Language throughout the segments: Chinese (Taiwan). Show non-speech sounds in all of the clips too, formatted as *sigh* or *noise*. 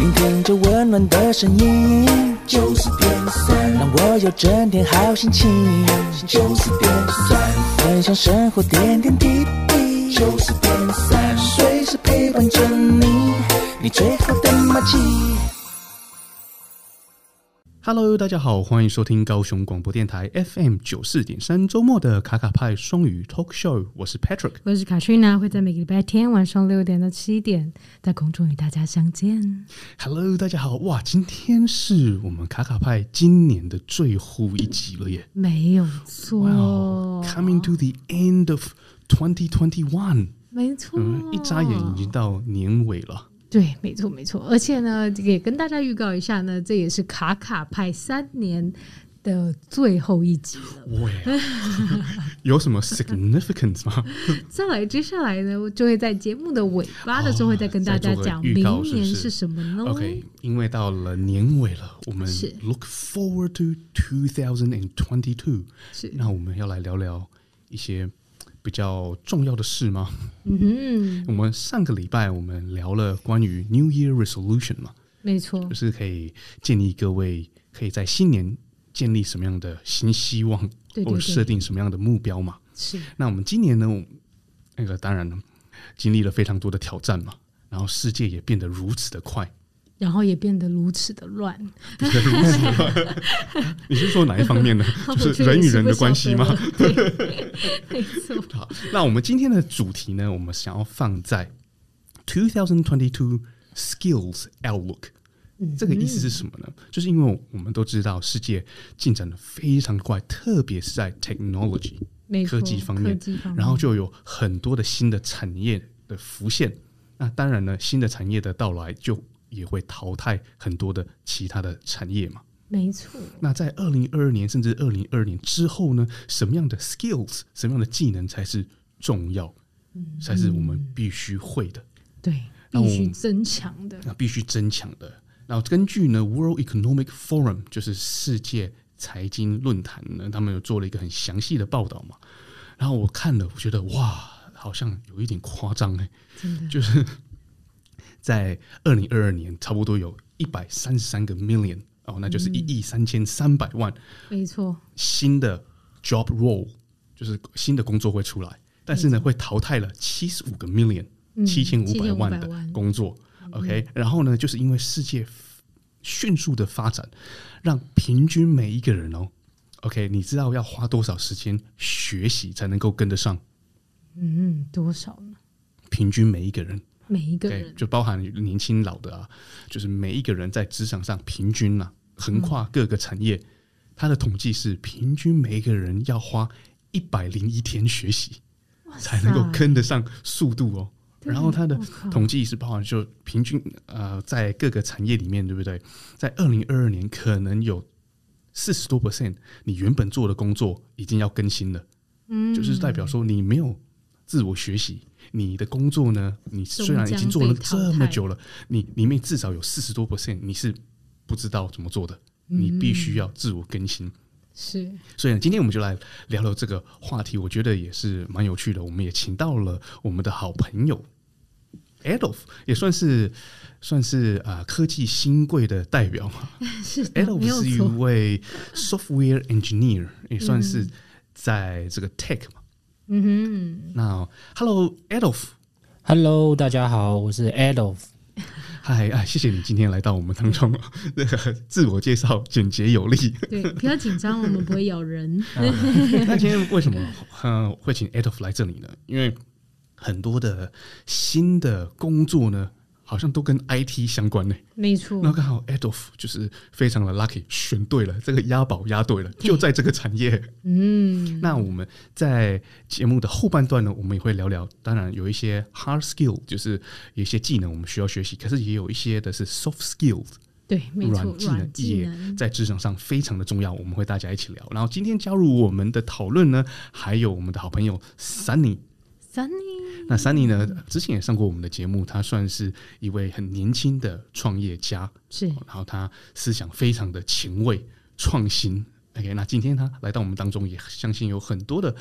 聆聽這溫暖的聲音，就是九四點三，讓我有整天好心情。就是九四點三，分享生活點點滴滴。就是九四點三，隨時陪伴着你，你最好的默契。哈嘍，Hello, 大家好，歡迎收聽高雄廣播電台 FM 九四點三周末的卡卡派雙語 Talk Show，我是 Patrick，我是 Katrina，會在每個禮拜天晚上六點到七點在空中與大家相見。哈嘍，大家好，哇，今天是我們卡卡派今年的最後一集了耶，沒有錯 wow,，Coming to the end of twenty twenty one，沒錯，嗯、一眨眼已經到年尾了。對，沒錯沒錯，而且呢，這個、也跟大家預告一下呢，這也是卡卡派三年的最後一集了。啊、 *laughs* 有什麼 significance 嗎？再來，接下來呢，就會在節目的尾巴的時候會再跟大家講，明年是什麼呢？OK，因為到了年尾了，我們 look forward to 2022。是，那我們要來聊聊一些。比較重要的事嗎？嗯、mm-hmm. 我們上個禮拜我們聊了關於 New Year Resolution 嘛，沒錯，就是可以建議各位可以在新年建立什麼樣的新希望，對對對，或設定什麼樣的目標嘛。是，那我們今年呢，那個當然了，經歷了非常多的挑戰嘛，然後世界也變得如此的快。然後也變得如此的亂， *laughs* 你是說哪一方面呢？就是人與人的關係嗎？ *laughs* 好，那我們今天的主題呢，我們想要放在 Two Thousand Twenty Two Skills Outlook。這個意思是什麼呢？就是因為我們都知道世界進展得非常快，特別是在 technology 沒錯，科技方面，方面，然後就有很多的新的產業的浮現。那當然呢，新的產業的到來就也會淘汰很多的其他的產業嘛。沒錯。那在二零二二年甚至二零二二年之後呢？什麼樣的 skills，什麼樣的技能才是重要？嗯哼，才是我們必須會的。對，必須增強的。那必須增強的。然後根據呢，World Economic Forum 就是世界財經論壇呢，他們有做了一個很詳細的報道嘛。然後我看了，我覺得哇，好像有一點誇張哎，就是。在二零二二年，差不多有一百三十三個 million、嗯、哦，那就是一億三千三百萬。沒錯，新的 job role 就是新的工作會出來，錯但是呢，會淘汰了七十五個 million 七千五百萬的工作。嗯、OK，然後呢，就是因為世界迅速的發展，讓平均每一個人哦，OK，你知道要花多少時間學習才能夠跟得上？嗯，多少呢？平均每一個人。每一個人 okay，就包含年輕老的啊，就是每一個人在職場上平均嘛、啊，橫跨各個產業，他、嗯、的統計是平均每一個人要花一百零一天學習，塞才能夠跟得上速度哦。對然後他的統計是包含就平均呃，在各個產業裡面，對不對？在二零二二年，可能有四十多 percent，你原本做的工作已經要更新了，嗯，就是代表說你沒有自我學習。你的工作呢？你雖然已經做了這麼久了，你裡面至少有四十多 percent 你是不知道怎麼做的，你必須要自我更新。嗯、是，所以呢，今天我們就來聊聊這個話題，我覺得也是蠻有趣的。我們也請到了我們的好朋友 Adolf，也算是算是啊、呃、科技新貴的代表嘛。是的，Adolf 是一位 software engineer，、嗯、也算是在這個 tech 嘛。嗯哼，那、mm hmm. Hello Adolf，Hello 大家好，oh. 我是 Adolf、啊。Hi，謝謝你今天來到我們當中，那個 *laughs* *laughs* 自我介紹簡潔有力。對，不要緊張， *laughs* 我們不會咬人、 *laughs* 啊。那今天為什麼嗯會請 Adolf 來這裡呢？因為很多的新的工作呢。好像都跟 IT 相關呢。欸，沒錯。那剛好 Adolf 就是非常的 lucky，選對了，這個押寶押對了，就在這個產業。嗯，那我們在節目的後半段呢，我們也會聊聊。當然有一些 hard skill，就是有一些技能我們需要學習，可是也有一些的是 soft skill，對，沒錯，軟技能也在職場上非常的重要。我們會大家一起聊。然後今天加入我們的討論呢，還有我們的好朋友 Sunny，嗯。Sunny，那 Sunny 呢，之前也上過我們的節目，他算是一位很年輕的創業家，是。然後他思想非常的前衛、創新。OK，那今天他來到我們當中，也相信有很多的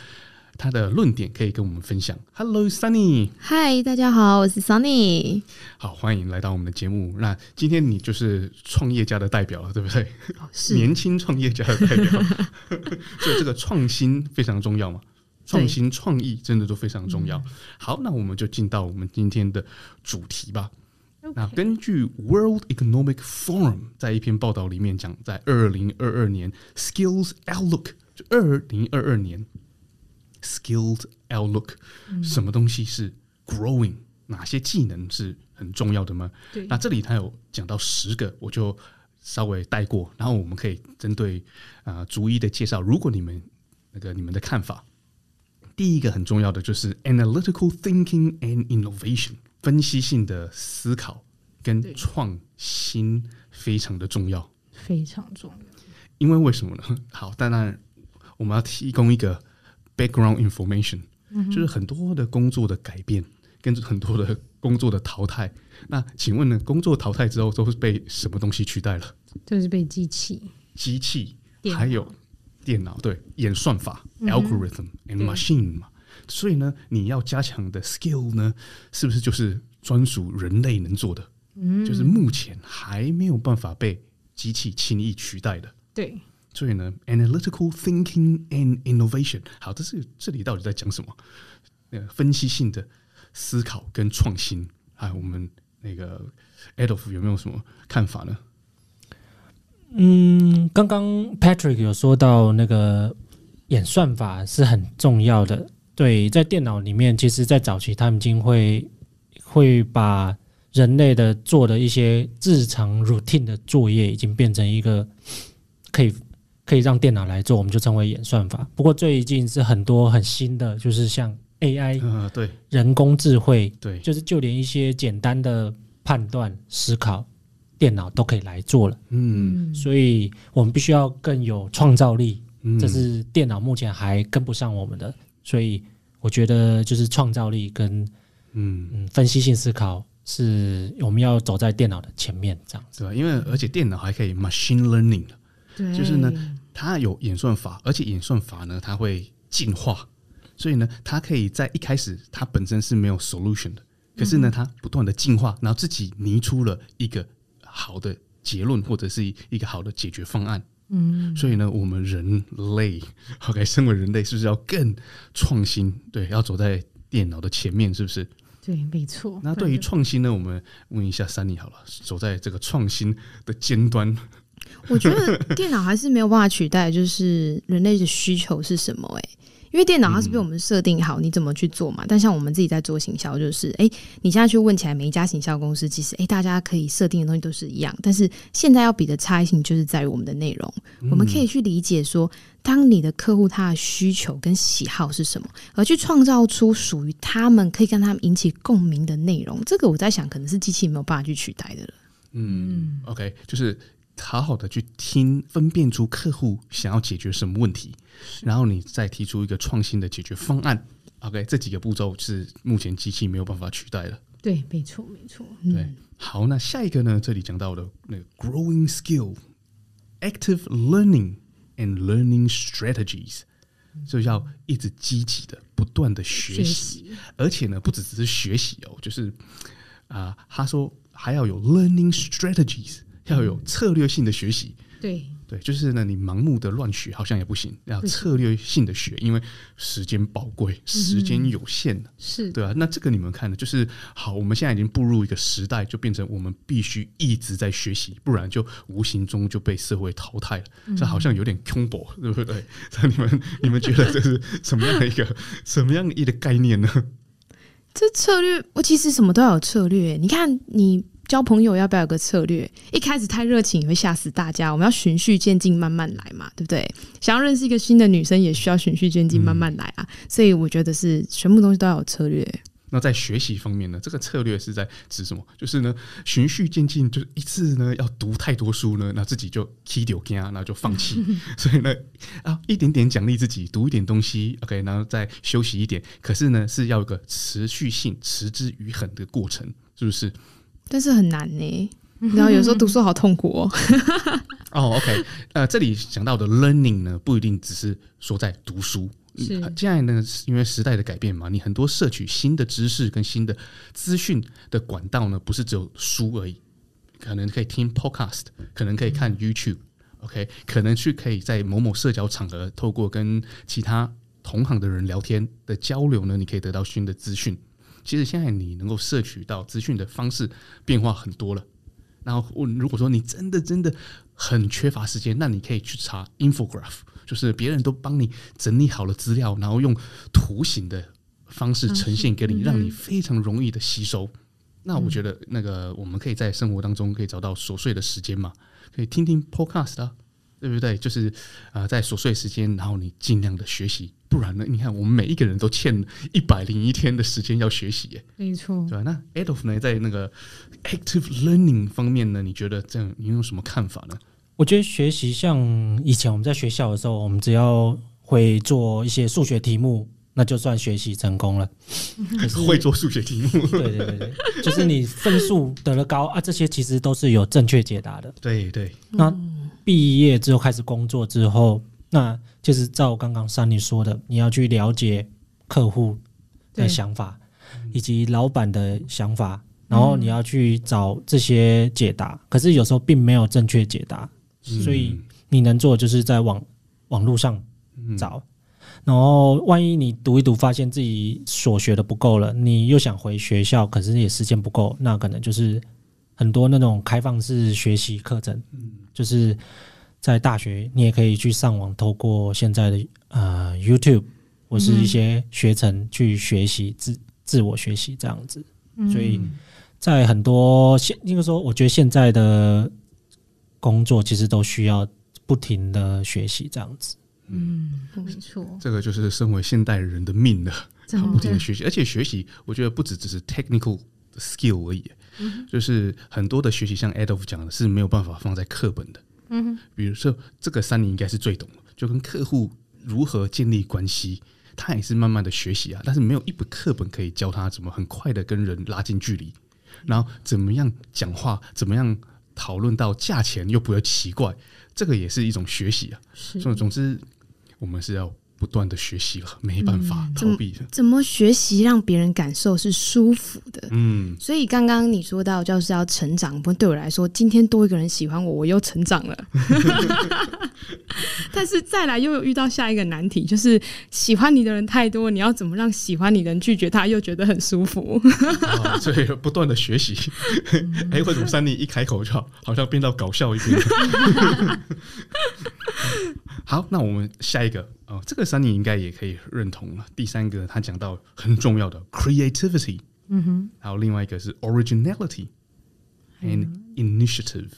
他的論點可以跟我們分享。Hello，Sunny。嗨，大家好，我是 Sunny。好，歡迎來到我們的節目。那今天你就是創業家的代表了，對不對？是年輕創業家的代表， *laughs* *laughs* 所以這個創新非常重要嘛？創新對創意真的都非常重要。嗯、好,那我們就進到我們今天的主題吧。Okay. 那根據 World Economic Forum 在一篇報道裡面講在，在二零二二年 Skills Outlook，就二零、嗯、二二年 Skills Outlook，什麼東西是 growing，哪些技能是很重要的嗎？對，那這裡他有講到十個，我就稍微帶過，然後我們可以針對啊逐一的介紹。如果你們那個你們的看法。第一個很重要的就是 analytical thinking and innovation，分析性的思考跟創新非常的重要，非常重要。因為為什麼呢？好，當然我們要提供一個 background information，嗯哼，就是很多的工作的改變跟很多的工作的淘汰。那請問呢，工作淘汰之後都是被什麼東西取代了？就是被機器，機器，電話，還有。電腦對演算法，mm hmm. algorithm and machine 嘛。對，所以呢，你要加強的 skill 呢，是不是就是專屬人類能做的？嗯、mm，hmm. 就是目前還沒有辦法被機器輕易取代的。對，所以呢，analytical thinking and innovation。好，這是這裡到底在講什麼？呃、那個，分析性的思考跟創新啊，我們那個 Adolf 有沒有什麼看法呢？嗯，剛剛 Patrick 有說到那個演算法，是很重要的，對，在電腦裡面，其實，在早期他們已經會會把人類的做的一些日常 routine 的作業，已經變成一個可以可以讓電腦來做，我們就稱為演算法。不過最近是很多很新的，就是像 AI，嗯，對，人工智慧，對，就是就連一些簡單的判斷思考，電腦都可以來做了，嗯，所以我們必須要更有創造力，嗯、這是電腦目前還跟不上我們的。所以我覺得就是創造力跟嗯嗯分析性思考是我們要走在電腦的前面，這樣子。對，因為而且電腦還可以 machine learning，對，就是呢，它有演算法，而且演算法呢，它會進化，所以呢，它可以在一開始它本身是沒有 solution 的，可是呢，嗯哼，它不斷的進化，然後自己擬出了一個。好的結論或者是一個好的解決方案，嗯，所以呢，我們人類，OK，身為人類，是不是要更創新？對，要走在電腦的前面，是不是？對，沒錯。那對於創新呢，的我們問一下三妮好了，走在這個創新的尖端。我覺得電腦還是沒有辦法取代， *laughs* 就是人類的需求是什麼、欸？哎。因為電腦它是被我們設定好、嗯、你怎麼去做嘛，但像我們自己在做行銷，就是哎、欸，你現在去問起來每一家行銷公司，其實哎、欸，大家可以設定的東西都是一樣，但是現在要比的差異性就是在於我們的內容，我們可以去理解說，當你的客戶他的需求跟喜好是什麼，而去創造出屬於他們可以跟他們引起共鳴的內容，這個我在想可能是機器沒有辦法去取代的了。嗯，嗯，OK，就是。好好的去聽，分辨出客戶想要解決什麼問題，然後你再提出一個創新的解決方案。OK，這幾個步驟是目前機器沒有辦法取代的。對，沒錯，沒錯。對，好，那下一個呢？這裡講到的那個 growing skill，active learning and learning strategies，就是、嗯、要一直積極的、不斷的學習，學習而且呢，不只是學習哦，就是啊、呃，他說還要有 learning strategies。要有策略性的學習、嗯，對對，就是呢，你盲目的亂學好像也不行，要策略性的學，對因為時間寶貴，時間有限、啊嗯、是對啊，那這個你們看呢？就是好，我們現在已經步入一個時代，就變成我們必須一直在學習，不然就無形中就被社會淘汰了。這、嗯、好像有點空薄，對不對？那、嗯、你們你們覺得這是什麼樣的一個 *laughs* 什麼樣的一個概念呢？這策略，我其實什麼都要有策略。你看你。交朋友要不要有個策略？一開始太熱情也會嚇死大家，我們要循序漸進，慢慢來嘛，對不對？想要認識一個新的女生，也需要循序漸進，慢慢來啊。嗯、所以我覺得是全部東西都要有策略。那在學習方面呢？這個策略是在指什麼？就是呢，循序漸進，就一次呢要讀太多書呢，那自己就踢掉腳，然後就放棄。 *laughs* 所以呢，啊，一點點獎勵自己讀一點東西，OK，然後再休息一點。可是呢，是要有個持續性、持之以恆的過程，就是不是？但是很難呢，欸，然後有時候讀書好痛苦哦。哦，OK，呃，這裡講到的 learning 呢，不一定只是說在讀書。是，現在呢，因為時代的改變嘛，你很多攝取新的知識跟新的資訊的管道呢，不是只有書而已。可能可以聽 podcast，可能可以看 YouTube，OK，嗯，okay，可能去可以在某某社交場合，透過跟其他同行的人聊天的交流呢，你可以得到新的資訊。其實現在你能夠攝取到資訊的方式變化很多了。然後，我如果說你真的真的很缺乏時間，那你可以去查 infograph，就是別人都幫你整理好了資料，然後用圖形的方式呈現給你，讓你非常容易的吸收。那我覺得，那個我們可以在生活當中可以找到瑣碎的時間嘛，可以聽聽 podcast 啊，對不對？就是啊、呃，在瑣碎時間，然後你盡量的學習。不然呢？你看，我們每一個人都欠一百零一天的時間要學習，耶，沒錯錯。對，那 Adolf 呢，在那個 active learning 方面呢？你覺得這樣？你有什麼看法呢？我覺得學習像以前我們在學校的時候，我們只要會做一些數學題目，那就算學習成功了。就是 *laughs* 會做數學題目， *laughs* 對，對對對，就是你分數得了高啊，這些其實都是有正確解答的。對對，對，那畢業之後開始工作之後，那。就是照我剛剛三你說的，你要去了解客戶的想法，對嗯、以及老闆的想法，然後你要去找這些解答。嗯、可是有時候並沒有正確解答，是嗯、所以你能做的就是在網網路上找。嗯、然後萬一你讀一讀，發現自己所學的不夠了，你又想回學校，可是也時間不夠，那可能就是很多那種開放式學習課程，嗯、就是。在大學，你也可以去上網，透過現在的呃 YouTube 或是一些學程去學習、嗯、自自我學習這樣子。所以，在很多現應該說，我覺得現在的工作其實都需要不停的學習這樣子。嗯，沒錯、嗯，嗯、這個就是身為現代人的命了。的、嗯，不停的學習，對而且學習，我覺得不只只是 technical skill 而已，嗯、哼就是很多的學習，像 Adolf 講的，是沒有辦法放在課本的。嗯哼，比如說這個三你應該是最懂的，就跟客戶如何建立關係，他也是慢慢的學習啊，但是沒有一本課本可以教他怎麼很快的跟人拉近距離，然後怎麼樣講話，怎麼樣討論到價錢又不要奇怪，這個也是一種學習啊。是，所以總之我們是要。不斷的學習了，沒辦法、嗯、逃避。怎麼學習讓別人感受是舒服的？嗯，所以剛剛你說到就是要成長，不過對我來說，今天多一個人喜歡我，我又成長了。 *laughs* 但是再來又有遇到下一個難題，就是喜歡你的人太多，你要怎麼讓喜歡你的人拒絕他，又覺得很舒服？ *laughs* 啊，所以不斷的學習。哎、 *laughs* 欸，為什麼三，妮一開口就好像變到搞笑一點？ *laughs* 好，那我們下一個。哦，這個三你應該也可以認同了。第三個，他講到很重要的 creativity，嗯哼，然後另外一個是 originality and initiative。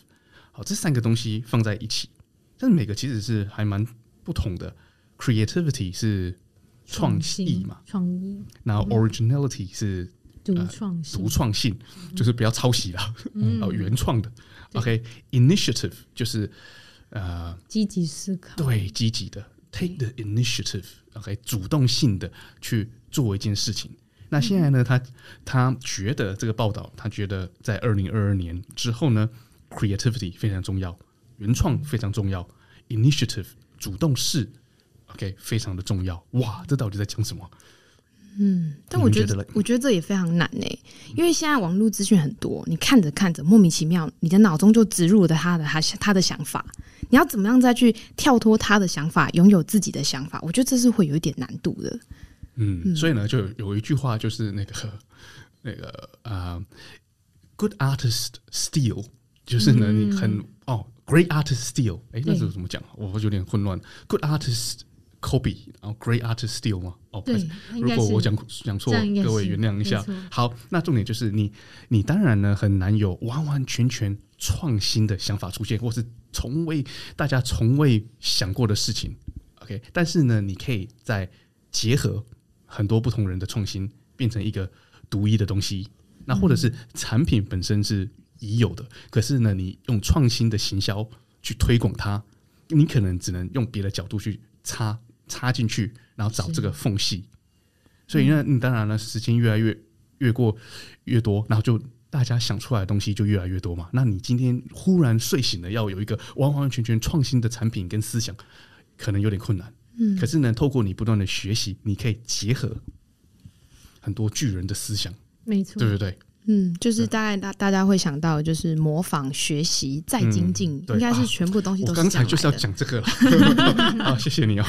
好，這三個東西放在一起，但是每個其實是還蠻不同的。creativity 是創意嘛？創意。然後 originality 是獨創獨創性，就是不要抄襲了，呃，原創的。OK，initiative 就是積極思考，對，積極的。Take the initiative，OK，、okay，主動性的去做一件事情。那現在呢，嗯、哼他他覺得這個報道，他覺得在二零二二年之後呢，creativity 非常重要，原創非常重要，嗯、，initiative 主動式 OK 非常的重要。哇，這到底在講什麼？嗯，但我覺得，嗯、我覺得這也非常難呢、欸。嗯、因為現在網絡資訊很多，你看着看着莫名其妙，你的腦中就植入了他的他他的想法，你要怎麼樣再去跳脫他的想法，擁有自己的想法？我覺得這是會有一點難度的。嗯，嗯所以呢，就有一句話就是那個那個啊、uh,，good artist steal，就是呢、嗯、你很哦、oh,，great artist steal，哎、欸，Yeah. 那是怎麼講？我有點混亂，good artist。Kobe，然後 Great Artists Steal 嗎？哦、oh, 對，如果我講講錯，錯各位原諒一下。錯好，那重點就是你，你當然呢很難有完完全全創新的想法出現，或是從未大家從未想過的事情。OK，但是呢，你可以再結合很多不同人的創新，變成一個獨一的東西。那或者是產品本身是已有的，嗯、可是呢，你用創新的行銷去推廣它，你可能只能用別的角度去插。插進去，然後找這個縫隙，嗯、所以因你、嗯、當然了，時間越來越越過越多，然後就大家想出來的東西就越來越多嘛。那你今天忽然睡醒了，要有一個完完全全創新的產品跟思想，可能有點困難。嗯，可是呢，透過你不斷的學習，你可以結合很多巨人的思想，沒錯，對不對？嗯，就是大概大大家會想到，就是模仿、嗯、學習、再精進，嗯、應該是全部東西都是。是剛、啊、才就是要講這個了。 *laughs* *laughs* 好，謝謝你哦。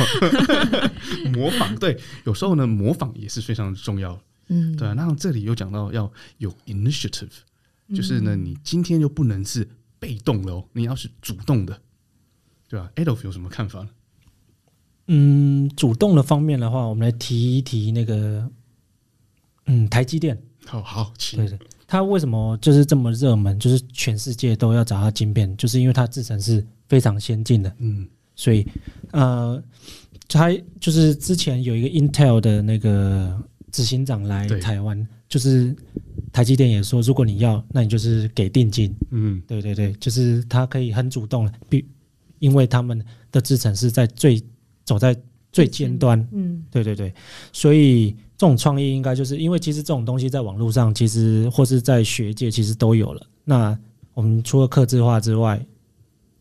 *laughs* 模仿對，有時候呢，模仿也是非常重要的。嗯，對。那這裡又講到要有 initiative，就是呢，嗯、你今天就不能是被動嘍，你要是主動的，對啊，Adolf 有什麼看法呢？嗯，主動的方面的話，我們來提一提那個，嗯，台積電。好、oh, 好，奇，對的，他為什麼就是這麼熱門？就是全世界都要找他晶片，就是因為他制成是非常先進的。嗯，所以呃，他就是之前有一個 Intel 的那個執行長來台灣，對 就是台積電也說，如果你要，那你就是給定金。嗯，對對對，就是他可以很主動了，比因為他們的制成是在最走在最尖端。嗯,嗯，對對對，所以。這種創意應該就是因為其實這種東西在網絡上，其實或是在學界其實都有了。那我們除了客製化之外，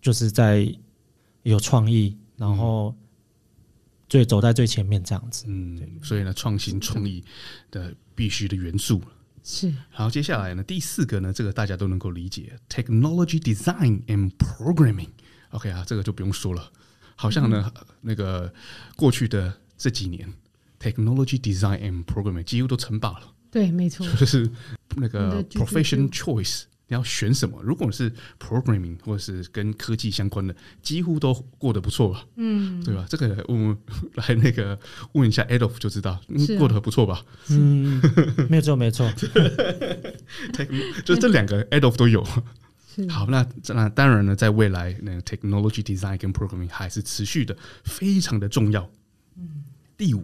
就是在有創意，然後最走在最前面這樣子。嗯，所以呢，創新創意的必須的元素是。好。接下來呢，第四個呢，這個大家都能夠理解：technology design and programming。OK 啊，這個就不用說了。好像呢，嗯、那個過去的這幾年。Technology design and programming 幾乎都稱霸了。對，沒錯，就是那個 profession choice，你要選什麼？如果是 programming 或者是跟科技相關的，幾乎都過得不錯吧？嗯，對吧？這個我們來那個問一下 Adolf 就知道，嗯，過得不錯吧？嗯，沒錯，沒錯。就這兩個 Adolf 都有。好，那那當然呢，在未來呢，technology design 跟 programming 還是持續的非常的重要。嗯，第五。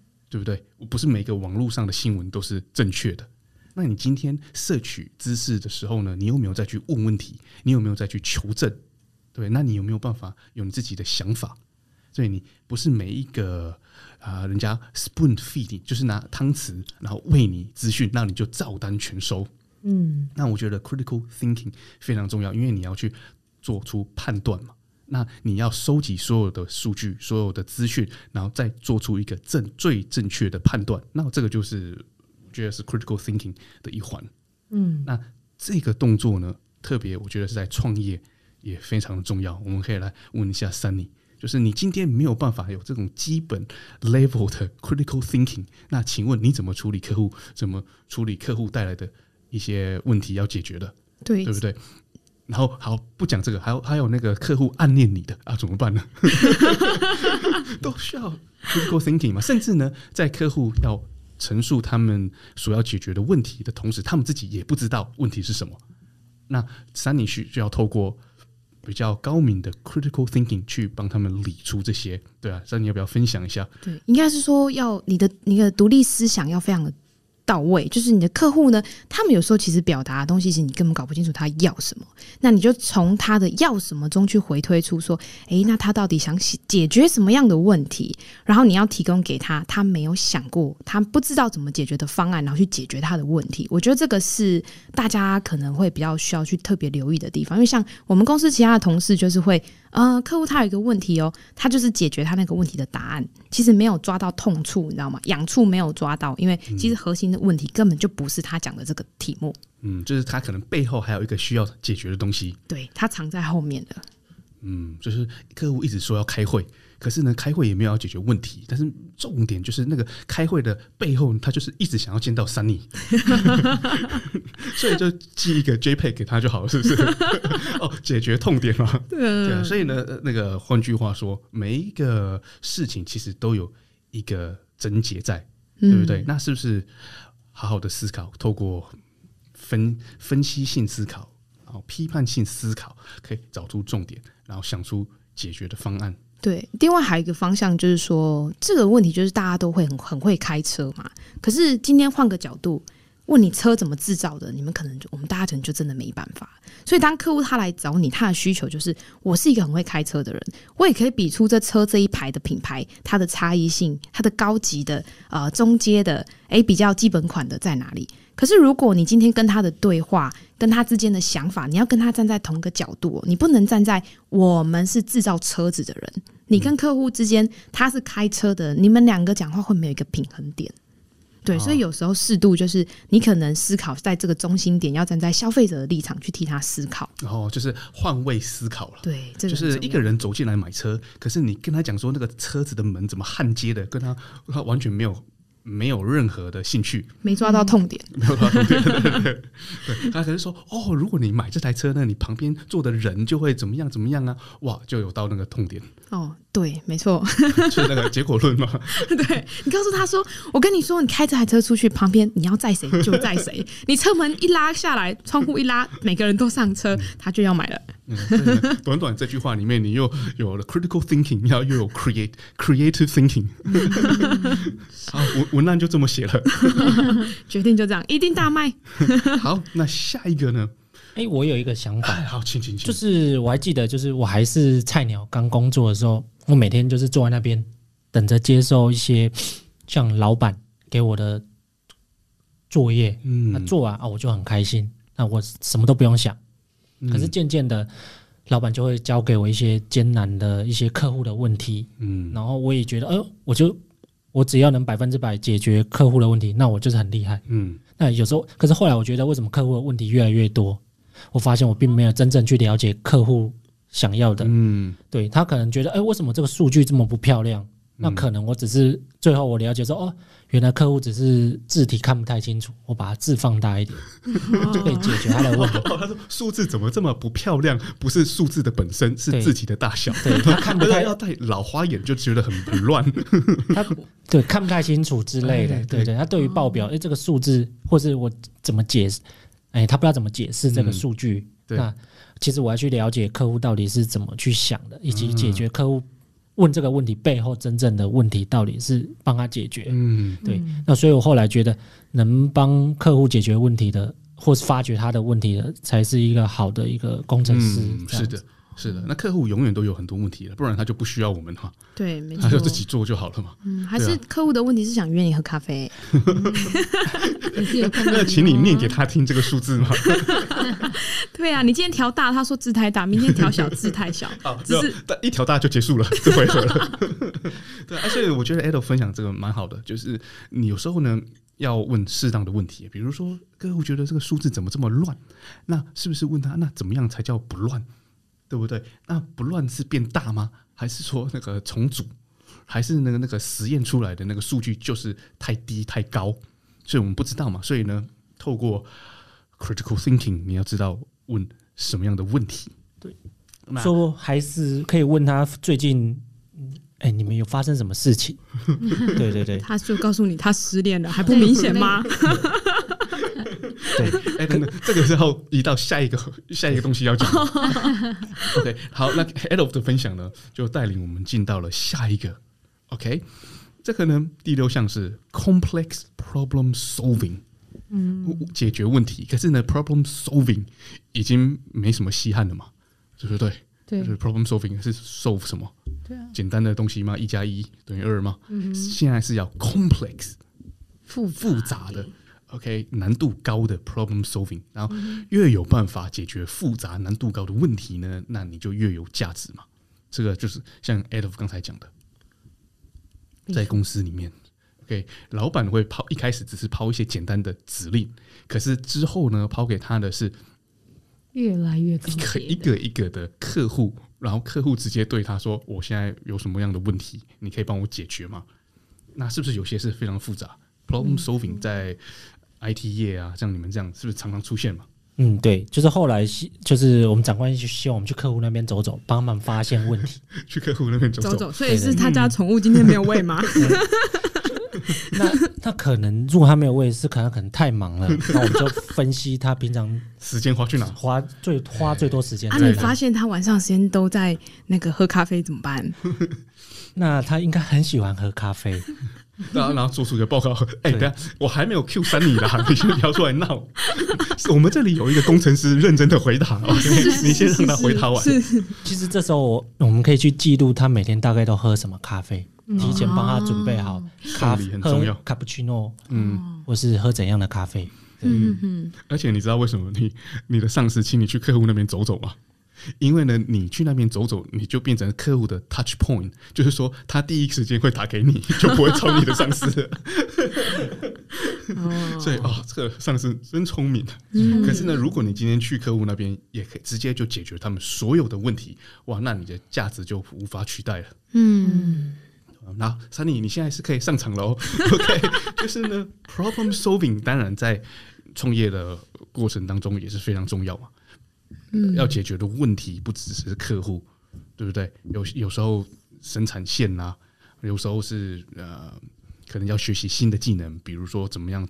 對不對？我不是每個網絡上的新聞都是正確的。那你今天攝取知識的時候呢？你有沒有再去問問題？你有沒有再去求證？對，那你有沒有辦法有你自己的想法？所以你不是每一個啊、呃，人家 spoon feeding 就是拿湯匙然後餵你資訊，那你就照單全收。嗯，那我覺得 critical thinking 非常重要，因為你要去做出判斷嘛。那你要收集所有的數據、所有的資訊，然後再做出一個正最正確的判斷。那這個就是我覺得是 critical thinking 的一環。嗯，那這個動作呢，特別我覺得是在創業也非常的重要。我們可以來問一下 Sunny，就是你今天沒有辦法有這種基本 level 的 critical thinking，那請問你怎麼處理客戶？怎麼處理客戶帶來的一些問題要解決的？對，對不對？然後好，不講這個，還有還有那個客戶暗戀你的啊，怎麼辦呢？ *laughs* 都需要 critical thinking 嘛，甚至呢，在客戶要陳述他們所要解決的問題的同時，他們自己也不知道問題是什麼。那三你需就要透過比較高明的 critical thinking 去幫他們理出這些，對啊？三你要不要分享一下？對，應該是說要你的你的獨立思想要非常的到位，就是你的客戶呢，他們有時候其實表達的東西，是你根本搞不清楚他要什麼。那你就從他的要什麼中去回推出說，誒，那他到底想解決什麼樣的問題？然後你要提供給他他沒有想過、他不知道怎麼解決的方案，然後去解決他的問題。我覺得這個是大家可能會比較需要去特別留意的地方，因為像我們公司其他的同事就是會。呃，客戶他有一個問題哦，他就是解決他那個問題的答案，其實沒有抓到痛處，你知道嗎？癢處沒有抓到，因為其實核心的問題根本就不是他講的這個題目。嗯，就是他可能背後還有一個需要解決的東西。對，他藏在後面的。嗯，就是客戶一直說要開會。可是呢，開會也沒有要解決問題。但是重點就是那個開會的背後，他就是一直想要見到 Sunny， *laughs* *laughs* 所以就寄一個 JPEG 給他就好了，是不是？ *laughs* 哦，解決痛點嘛。對，對啊，所以呢，那個換句話說，每一個事情其實都有一個癥結在，嗯、對不對？那是不是好好的思考，透過分分析性思考，然後批判性思考，可以找出重點，然後想出解決的方案。對，另外還有一個方向就是說，這個問題就是大家都會很很會開車嘛。可是今天換個角度問你車怎麼製造的，你們可能就我們大家可能就真的沒辦法。所以當客戶他來找你，他的需求就是我是一個很會開車的人，我也可以比出這車這一排的品牌它的差異性，它的高級的呃中階的欸，比較基本款的在哪裡。可是，如果你今天跟他的對話，跟他之間的想法，你要跟他站在同一個角度，你不能站在我們是製造車子的人，你跟客戶之間他是開車的，你們兩個講話會沒有一個平衡點。對，所以有時候適度就是你可能思考在這個中心點，要站在消費者的立場去替他思考。然後、哦、就是換位思考了，對，這個、就是一個人走進來買車，可是你跟他講說那個車子的門怎麼焊接的，跟他他完全沒有。沒有任何的興趣，沒抓到痛點。嗯、沒有抓痛點，對對對，對，他可能說哦，如果你買這台車呢，那你旁邊坐的人就會怎麼樣怎麼樣啊？哇，就有到那個痛點。哦，對，沒錯，是那個結果論嘛？對，你告訴他說，我跟你說，你開這台車出去，旁邊你要載誰就載誰，你車門一拉下來，窗戶一拉，每個人都上車，嗯、他就要買了。嗯、短短這句話裡面，你又有了 critical thinking，然後又有 create creative thinking。文、 *laughs* 文案就這麼寫了， *laughs* 決定就這樣，一定大賣。 *laughs* 好，那下一個呢？哎、欸，我有一個想法。好，請請請。就是我還記得，就是我還是菜鳥剛工作的時候，我每天就是坐在那邊等着接受一些像老板給我的作業。嗯。那、啊、做完啊，我就很開心。那我什麼都不用想。可是漸漸的，嗯、老闆就會教給我一些艱難的一些客戶的問題，嗯，然後我也覺得，呃，我就我只要能百分之百解決客戶的問題，那我就是很厲害，嗯。那有時候，可是後來我覺得，為什麼客戶的問題越來越多？我發現我並沒有真正去了解客戶想要的，嗯，對他可能覺得，哎、呃，為什麼這個數據這麼不漂亮？那可能我只是最後我了解說哦，原來客戶只是字體看不太清楚，我把它字放大一點就可以解決他的問題。 *laughs* 哦、他說數字怎麼這麼不漂亮？不是數字的本身，是字體的大小。對，他看不太他老花眼就覺得很很亂。 *laughs* 他對看不太清楚之類的。欸、對，對，對對，他對於報表哎、欸、這個數字或是我怎麼解釋？哎、欸，他不知道怎麼解釋這個數據。嗯、對，那其實我要去了解客戶到底是怎麼去想的，以及解決客戶。問這個問題背後真正的問題到底是幫他解決，嗯，對。那所以我後來覺得，能幫客戶解決問題的，或是發掘他的問題的，才是一個好的一個工程師，嗯。是的。是的，那客戶永遠都有很多問題了，不然他就不需要我們哈、啊，對，沒錯，他就自己做就好了嘛。嗯、啊、還是客戶的問題是想約你喝咖啡。那請你念給他聽這個數字嗎？ *laughs* *laughs* 對啊，你今天調大，他說字太大，明天調小，字太小。哦、 *laughs* 啊，但是一調大就結束了，這回合了。 *laughs* 對啊，所以我覺得 Adolf 分享這個蠻好的，就是你有時候呢要問適當的問題，比如說客戶覺得這個數字怎麼這麼亂，那是不是問他，那怎麼樣才叫不亂？對不對？那不論是變大嗎？還是說那個重組？還是那個那個實驗出來的那個數據就是太低太高？所以我們不知道嘛。所以呢，透過 critical thinking，你要知道問什麼樣的問題。對，說還是可以問他最近，哎，你們有發生什麼事情？對對對，他就告訴你他失戀了，還不明顯嗎？哎，等等， *laughs* 這個時候移到下一個下一個東西要講。 *laughs* *laughs* OK，好，那 Adolf 的分享呢，就帶領我們進到了下一個。OK，這個呢，第六項是 Complex Problem Solving，嗯，解決問題。可是呢，Problem Solving 已經沒什麼稀罕的嘛對不對？對就是，Problem Solving 是 solve 什麼？對啊，簡單的東西嗎？一加一等於二嗎？嗯，現在是要 Complex，複雜複雜的。OK，難度高的 problem solving，然後越有辦法解決複雜難度高的問題呢，嗯、那你就越有價值嘛。這個就是像 Adolf 剛才講的，在公司裡面，OK，老闆會拋一開始只是拋一些簡單的指令，可是之後呢，拋給他的是越來越高一個一個的客戶，然後客戶直接對他說：“我現在有什麼樣的問題，你可以幫我解決嗎？”那是不是有些是非常複雜 problem solving 在？IT 業啊，像你們這樣是不是常常出現嘛？嗯，對，就是後來就是我們長官就希望我們去客戶那邊走走，幫忙發現問題。 *laughs* 去客戶那邊走走、走走，所以是他家寵物今天沒有餵嗎？那可能如果他沒有餵，是可能可能太忙了。那 *laughs* 我們就分析他平常 *laughs* 時間花去哪，花最花最多時間。啊，你發現他晚上時間都在那個喝咖啡怎麼辦？ *laughs* *laughs* 那他應該很喜歡喝咖啡。然後，然後做出一個報告。哎、欸，等一下，我還沒有 Q 三你啦，你先不要出來鬧。我們這裡有一個工程師認真的回答，是是是是，你先讓他回答完。其實這時候，我我們可以去記錄他每天大概都喝什麼咖啡，是是提前幫他準備好咖啡，啊、很重要。卡布奇諾，嗯，或是喝怎樣的咖啡？嗯嗯。而且你知道為什麼你？你你的上司，請你去客戶那邊走走嗎？因為呢，你去那邊走走，你就變成客戶的 touch point，就是說他第一時間會打給你，就不會找你的上司。 *laughs* *laughs* 所以啊、哦，這個上司真聰明、嗯、可是呢，如果你今天去客戶那邊，也可以直接就解決他們所有的問題，哇，那你的價值就無法取代了。嗯，那、嗯、Sunny，你現在是可以上場了。OK，就是呢 *laughs* ，problem solving，當然在創業的過程當中也是非常重要嘛。嗯呃、要解決的問題不只是客戶，對不對？有有時候生產線啊，有時候是呃，可能要學習新的技能，比如說怎麼樣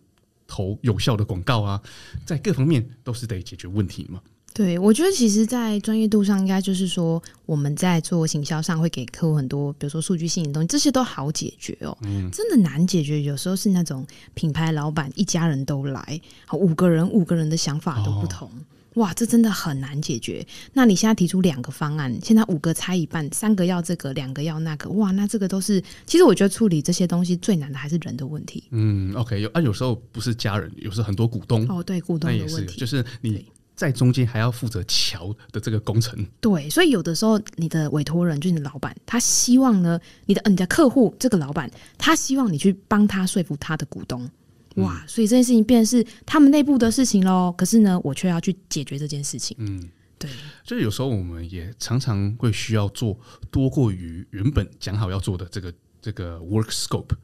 投有效的廣告啊，在各方面都是得解決問題嘛。對，我覺得其實，在專業度上，應該就是說，我們在做行銷上會給客戶很多，比如說數據性的東西，這些都好解決哦。嗯、真的難解決，有時候是那種品牌老闆一家人都來，好，五個人五個人的想法都不同。哦哇，這真的很難解決。那你現在提出兩個方案，現在五個拆一半，三個要這個，兩個要那個。哇，那這個都是，其實我覺得處理這些東西最難的還是人的問題。嗯，OK，有啊，有時候不是家人，有時候很多股東。哦，對，股東也是，就是你在中間還要負責橋的這個工程。對，對，所以有的時候你的委托人就是你的老板，他希望呢，你的你的客戶這個老板，他希望你去幫他說服他的股東。哇，所以這件事情變成是他們內部的事情咯。可是呢，我卻要去解決這件事情。嗯，對，就是有時候我們也常常會需要做多過於原本講好要做的這個這個 work scope。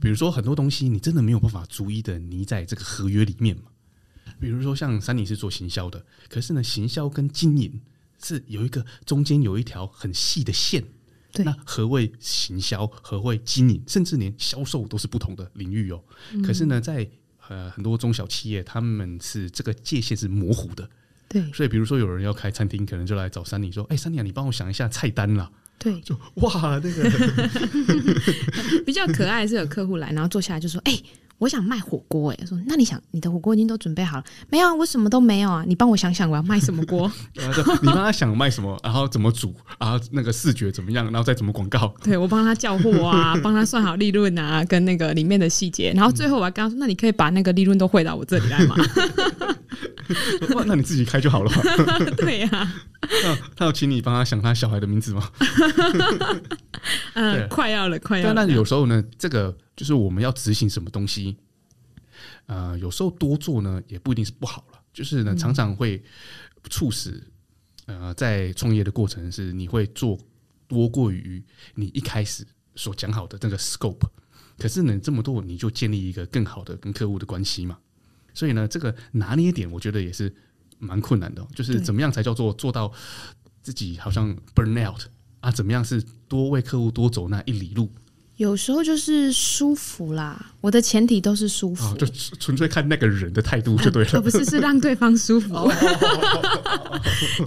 比如說很多東西你真的沒有辦法逐一的擬在這個合約裡面嘛。比如說像 Sunny 是做行銷的，可是呢，行銷跟經營是有一個中間有一條很細的線。對那何謂行銷？何謂經營？甚至連銷售都是不同的領域哦。嗯、可是呢，在呃很多中小企業，他們是這個界限，是模糊的。對，所以比如說有人要開餐廳，可能就來找珊妮說：“哎、欸，珊妮啊，你幫我想一下菜單啦。”對，就哇那個 *laughs* *laughs* 比較可愛是有客戶來，然後坐下來就說：“哎、欸。”我想賣火鍋、欸，哎，我說，那你想你的火鍋已經都準備好了沒有？我什麼都沒有啊！你幫我想想，我要賣什麼鍋？然後、 *laughs* 啊、你幫他想賣什麼，然後怎麼煮，然後那個視覺怎麼樣，然後再怎麼廣告。對，我幫他叫貨啊，幫 *laughs* 他算好利潤啊，跟那個裡面的細節，然後最後我還跟他說，那你可以把那個利潤都匯到我這裡來嗎？ *laughs* 那你自己開就好了。 *laughs* *laughs* 對呀、啊， *laughs* 他要請你幫他想他小孩的名字嗎？ *laughs* 嗯，對嗯，快要了，快要了。但有時候呢，這，樣這個。就是我們要執行什麼東西，呃，有時候多做呢，也不一定是不好了。就是呢，嗯、常常會促使，呃，在創業的過程是你會做多過於你一開始所講好的這個 scope。可是呢，這麼多你就建立一個更好的跟客戶的關係嘛。所以呢，這個拿捏點我覺得也是蠻困難的。就是怎麼樣才叫做做到自己好像 burn out 啊？怎麼樣是多為客戶多走那一里路？有時候就是舒服啦，我的前提都是舒服，哦、就純粹看那個人的態度就對了，啊、不是是讓對方舒服，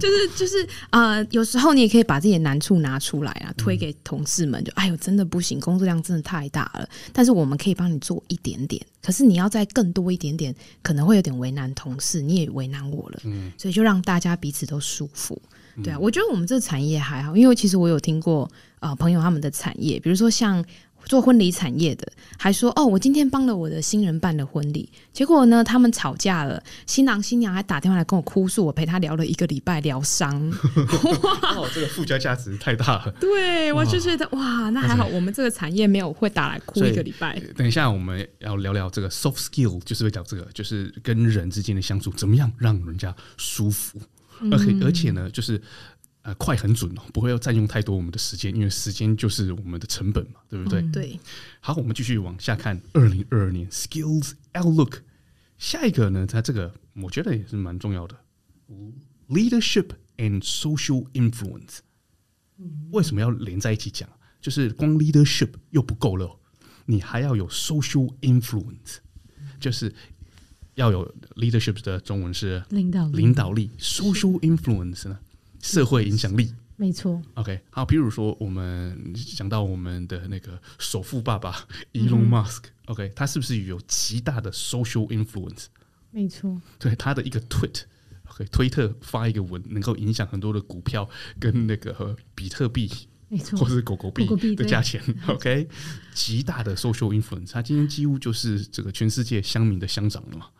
就是就是啊、呃，有時候你也可以把自己的難處拿出來啊，推給同事們，嗯、就哎呦，真的不行，工作量真的太大了，但是我們可以幫你做一點點，可是你要再更多一點點，可能會有點為難同事，你也為難我了，嗯，所以就讓大家彼此都舒服。嗯、對啊，我覺得我們這個產業還好，因為其實我有聽過啊、呃、朋友他們的產業，比如說像做婚禮產業的，還說哦，我今天幫了我的新人辦了婚禮，結果呢，他們吵架了，新郎新娘還打電話來跟我哭訴，我陪他聊了一個禮拜療傷。哇、 *laughs* 哦，這個附加價值太大了。對，我就覺、是、得哇，哇，那還好，我們這個產業沒有會打來哭一個禮拜。呃、等一下我們要聊聊這個 soft skill，就是會講這個，就是跟人之間的相處，怎麼樣讓人家舒服。而且而且呢，嗯、就是呃，快很準，不會要佔用太多我們的時間，因為時間就是我們的成本嘛，對不對？嗯、對。好，我們繼續往下看，二零二二年 Skills Outlook 下一個呢，它這個我覺得也是蠻重要的，Leadership and Social Influence。為什麼要連在一起講？就是光 Leadership 又不夠了，你還要有 Social Influence，就是。要有 leadership 的中文是領導力，social influence 呢，是社會影響力，沒錯。OK，好，譬如說我們講到我們的那個首富爸爸錯 Elon Musk，OK，、嗯嗯 okay, 他是不是有極大的 social influence？沒錯錯，對他的一個 tweet，OK，、okay, 推特發一個文能夠影響很多的股票跟那個比特幣，沒錯錯，或是狗狗幣的價錢狗狗，OK，極大的 social influence，他今天幾乎就是這個全世界鄉民的鄉長了嘛。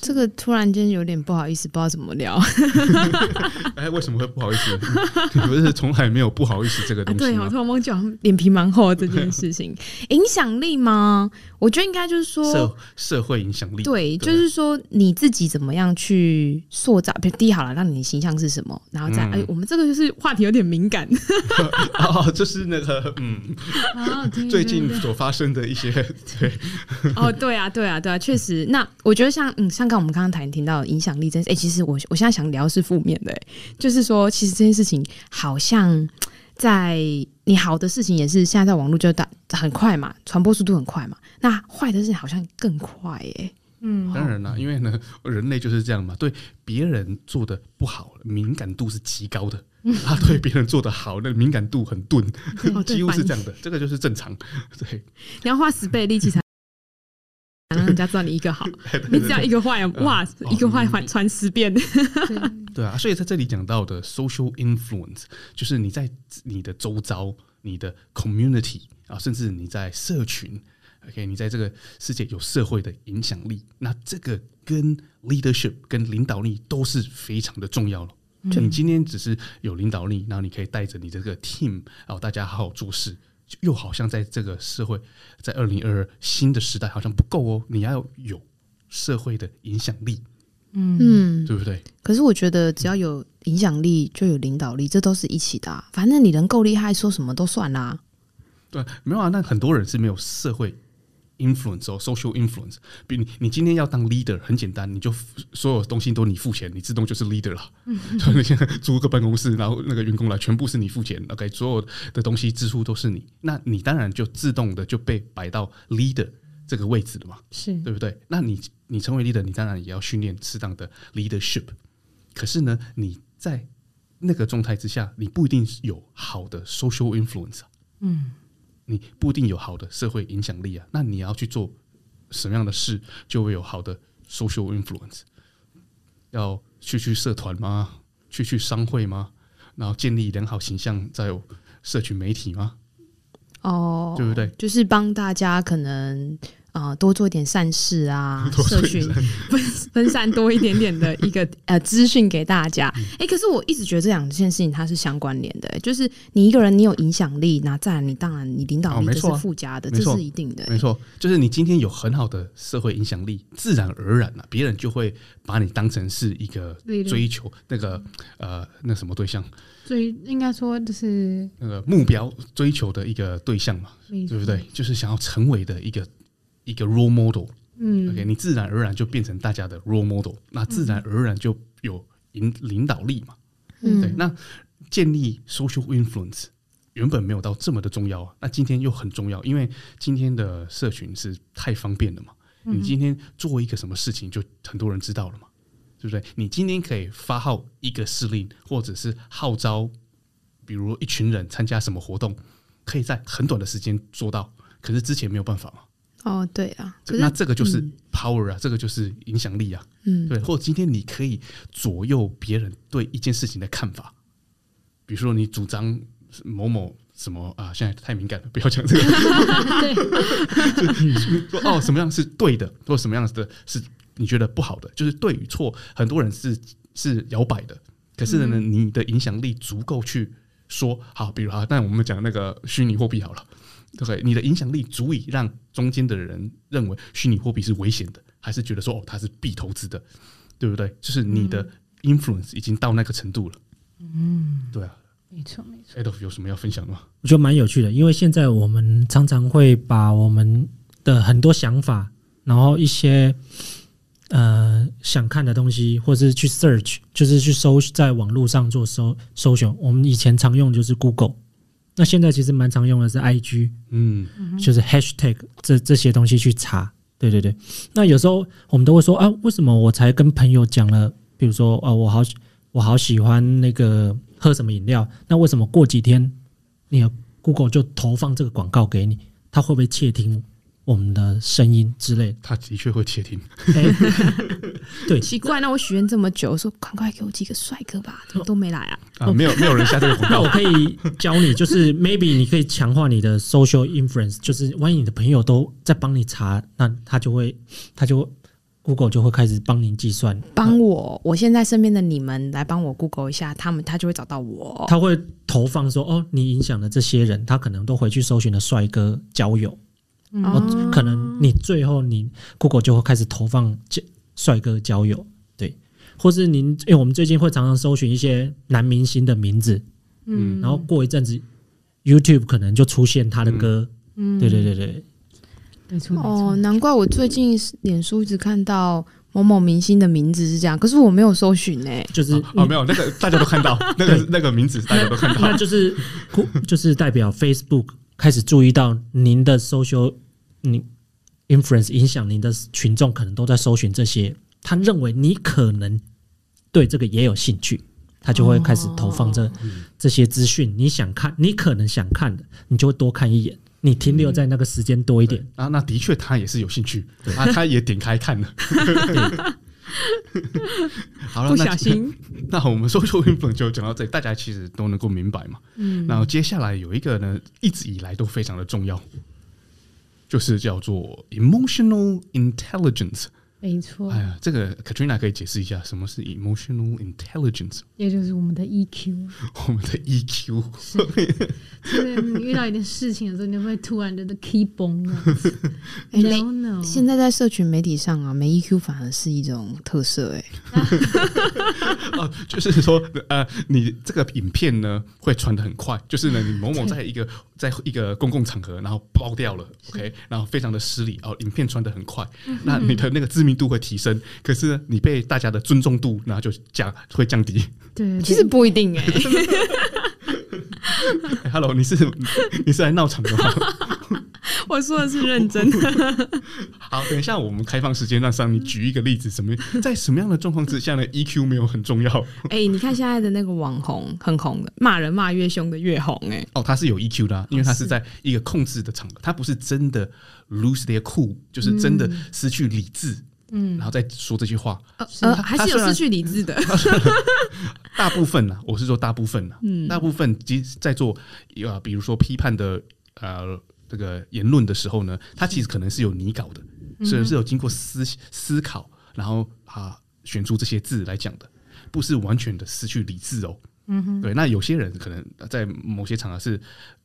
這個突然間有點不好意思，不知道怎麼聊。哎，為什麼會不好意思？我就是從來沒有不好意思這個東西。對，我突然忘記講臉皮蠻厚這件事情，影響力嗎？我覺得應該就是說社會影響力。對，就是說你自己怎麼樣去塑造？不是，第一好了，讓你形象是什麼？然後再哎，我們這個就是話題有點敏感。哦，就是那個嗯，最近所發生的一些對。哦，對啊，對啊，對啊，確實。那我覺得像嗯像。剛剛我們剛剛談聽到影響力真是哎、欸，其實我我現在想聊是負面的、欸，就是說其實這件事情好像在你好的事情也是現在在網絡就打很快嘛，傳播速度很快嘛。那壞的事情好像更快耶、欸。嗯，嗯，當然啦，因為呢人類就是這樣嘛，對別人做的不好，敏感度是極高的，他對別人做的好，那個、敏感度很鈍，幾乎是這樣的，這個就是正常。對，你要花十倍力氣才。 *laughs* 然後、啊、人家賺你一個好，你只要一個壞， *laughs* 哇，哦、一個壞傳傳十遍。對，對啊，所以在這裡講到的 social influence，就是你在你的周遭、你的 community，啊、甚至你在社群，OK，你在這個世界有社會的影響力，那這個跟 leadership，跟領導力都是非常的重要的。嗯、你今天只是有領導力，然後你可以帶着你的這個 team，然、啊、後大家好好做事。又好像在這個社會，在二零二二新的時代，好像不夠哦。你要有社會的影響力，嗯，對不對？可是我覺得只要有影響力，就有領導力，這都是一起的啊。反正你人夠厲害，說什麼都算啦啊。對，沒有啊，那很多人是沒有社會。influence 哦，social influence，比如你今天要當 leader 很簡單，你就所有東西都你付錢，你自動就是 leader 了。嗯哼，所以你現在租個辦公室，然後那個員工來，全部是你付錢，OK，所有的東西支出都是你，那你當然就自動的就被擺到 leader 這個位置了嘛？是對不對？那你你成為 leader，你當然也要訓練適當的 leadership。可是呢，你在那個狀態之下，你不一定有好的 social influence。嗯。你不一定有好的社會影響力啊，那你要去做什麼樣的事就會有好的 social influence？要去去社團嗎？去去商會嗎？然後建立良好形象再有社群媒體嗎？哦，oh, 對不對？就是幫大家可能。啊、呃，多做一點善事啊，社群訓分分散多一點點的一個 *laughs* 呃資訊給大家。哎、嗯欸，可是我一直覺得這兩件事情它是相關聯的，欸，就是你一個人你有影響力，那自然你當然你領導力、哦啊、是附加的，啊、這是一定的，欸。沒錯，就是你今天有很好的社會影響力，自然而然了，啊，別人就會把你當成是一個追求對對對那個呃那什麼對象，所以應該說就是那個目標追求的一個對象嘛，錯對不對？就是想要成為的一個。一個 role model，嗯，OK，你自然而然就變成大家的 role model，那自然而然就有領導力嘛，嗯，對。那建立 social influence，原本沒有到這麼的重要啊，那今天又很重要，因為今天的社群是太方便了嘛，嗯，你今天做一個什麼事情，就很多人知道了嘛，是不是？你今天可以發號一個司令，或者是號召，比如一群人參加什麼活動，可以在很短的時間做到，可是之前沒有辦法嘛。哦，對啊，那這個就是 power 啊，嗯、這個就是影響力啊，嗯，對，或者今天你可以左右別人對一件事情的看法，比如說你主張某某什麼啊，現在太敏感了，不要講這個， *laughs* 對， *laughs* 說哦，什麼樣是對的，或什麼樣的是你覺得不好的，就是對與錯，很多人是是搖擺的，可是呢，嗯、你的影響力足夠去。說好，比如啊，但我們講那個虛擬貨幣好了，對不對？你的影響力足以讓中間的人認為虛擬貨幣是危險的，還是覺得說哦，它是必投資的，對不對？就是你的 influence 已經到那個程度了，嗯，對啊，沒錯沒錯。Adolf 有什麼要分享的嗎？我覺得蠻有趣的，因為現在我們常常會把我們的很多想法，然後一些。呃，想看的東西，或是去 search，就是去搜，在網絡上做搜搜尋。Social, 我們以前常用的就是 Google，那現在其實蠻常用的是 IG，嗯哼，就是 hashtag 這這些東西去查。對對對。那有時候我們都會說啊，為什麼我才跟朋友講了，比如說啊，我好我好喜歡那個喝什麼飲料，那為什麼過幾天你 Google 就投放這個廣告給你？他會不會竊聽？我們的聲音之類，他的確會竊聽。對，奇怪，那我許願這麼久，說趕快給我幾個帥哥吧，怎麼都沒來啊！啊，沒有，沒有人下這個。那我可以教你，就是 *laughs* maybe 你可以強化你的 social influence，就是萬一你的朋友都在幫你查，那他就會，他就 Google 就會開始幫您計算。幫我，嗯、我現在身邊的你們來幫我 Google 一下，他們他就會找到我。他會投放說，哦，你影響了這些人，他可能都回去搜尋了帥哥交友。可能你最後你 Google 就會開始投放交帥哥交友，對，或是您，因為我們最近會常常搜尋一些男明星的名字，嗯，然後過一陣子 YouTube 可能就出現他的歌，嗯，對對對對。哦，難怪我最近臉書一直看到某某明星的名字是這樣，可是我沒有搜尋呢，就是哦沒有那個大家都看到那個那個名字大家都看到，那就是就是代表 Facebook 開始注意到您的 social。你 influence 影響你的群眾可能都在搜尋這些，他認為你可能對這個也有興趣，他就會開始投放這這些資訊。你想看，你可能想看的，你就會多看一眼，你停留在那個時間多一點、嗯、啊。那的確，他也是有興趣對啊，他也點開看了。 *laughs* *laughs* 好了，那小心那我們說說 influence 就講到這裡，大家其實都能夠明白嘛。嗯，然後接下來有一個呢，一直以來都非常的重要。就是叫做 emotional intelligence，沒錯錯。哎呀，這個 Katrina 可以解釋一下什麼是 emotional intelligence，也就是我們的 EQ。我們的 EQ，就是，是你遇到一點事情的時候，你會，不會突然覺得 key bong、欸、No no，現在在社群媒體上啊，沒 EQ 反而是一種特色哎、欸。啊 *laughs* *laughs* 呃、就是說，呃，你這個影片呢會傳的很快，就是呢，你某某在一個對在一個公共場合，然後爆掉了是，OK，然後非常的失禮，哦，影片傳的很快，嗯嗯那你的那個知名度會提升，可是你被大家的尊重度，然後就降，會降低。對，其實不一定、欸、 *laughs* *laughs* 哎。Hello，你是你是來鬧場的嗎？ *laughs* 啊、我說的是認真的。 *laughs* 好，等一下，我們開放時間讓上，你舉一個例子，什麼在什麼樣的狀況之下呢 *laughs* ？EQ 沒有很重要。哎、欸，你看現在的那個網紅很紅的，罵人罵越凶的越紅，欸。哎，哦，他是有 EQ 啦，啊，因為他是在一個控制的場合，他不，哦、是真的 lose their cool，就是真的失去理智，嗯，然後再說這句話，還是有失去理智的。 *laughs* 大部分呢，啊，我是說大部分呢，啊，嗯，大部分其實在做，呃，比如說批判的，呃。這個言論的時候呢，他其實可能是有擬稿的，是所以是有經過思思考，然後啊選出這些字來講的，不是完全的失去理智哦。嗯哼，對，那有些人可能在某些場合是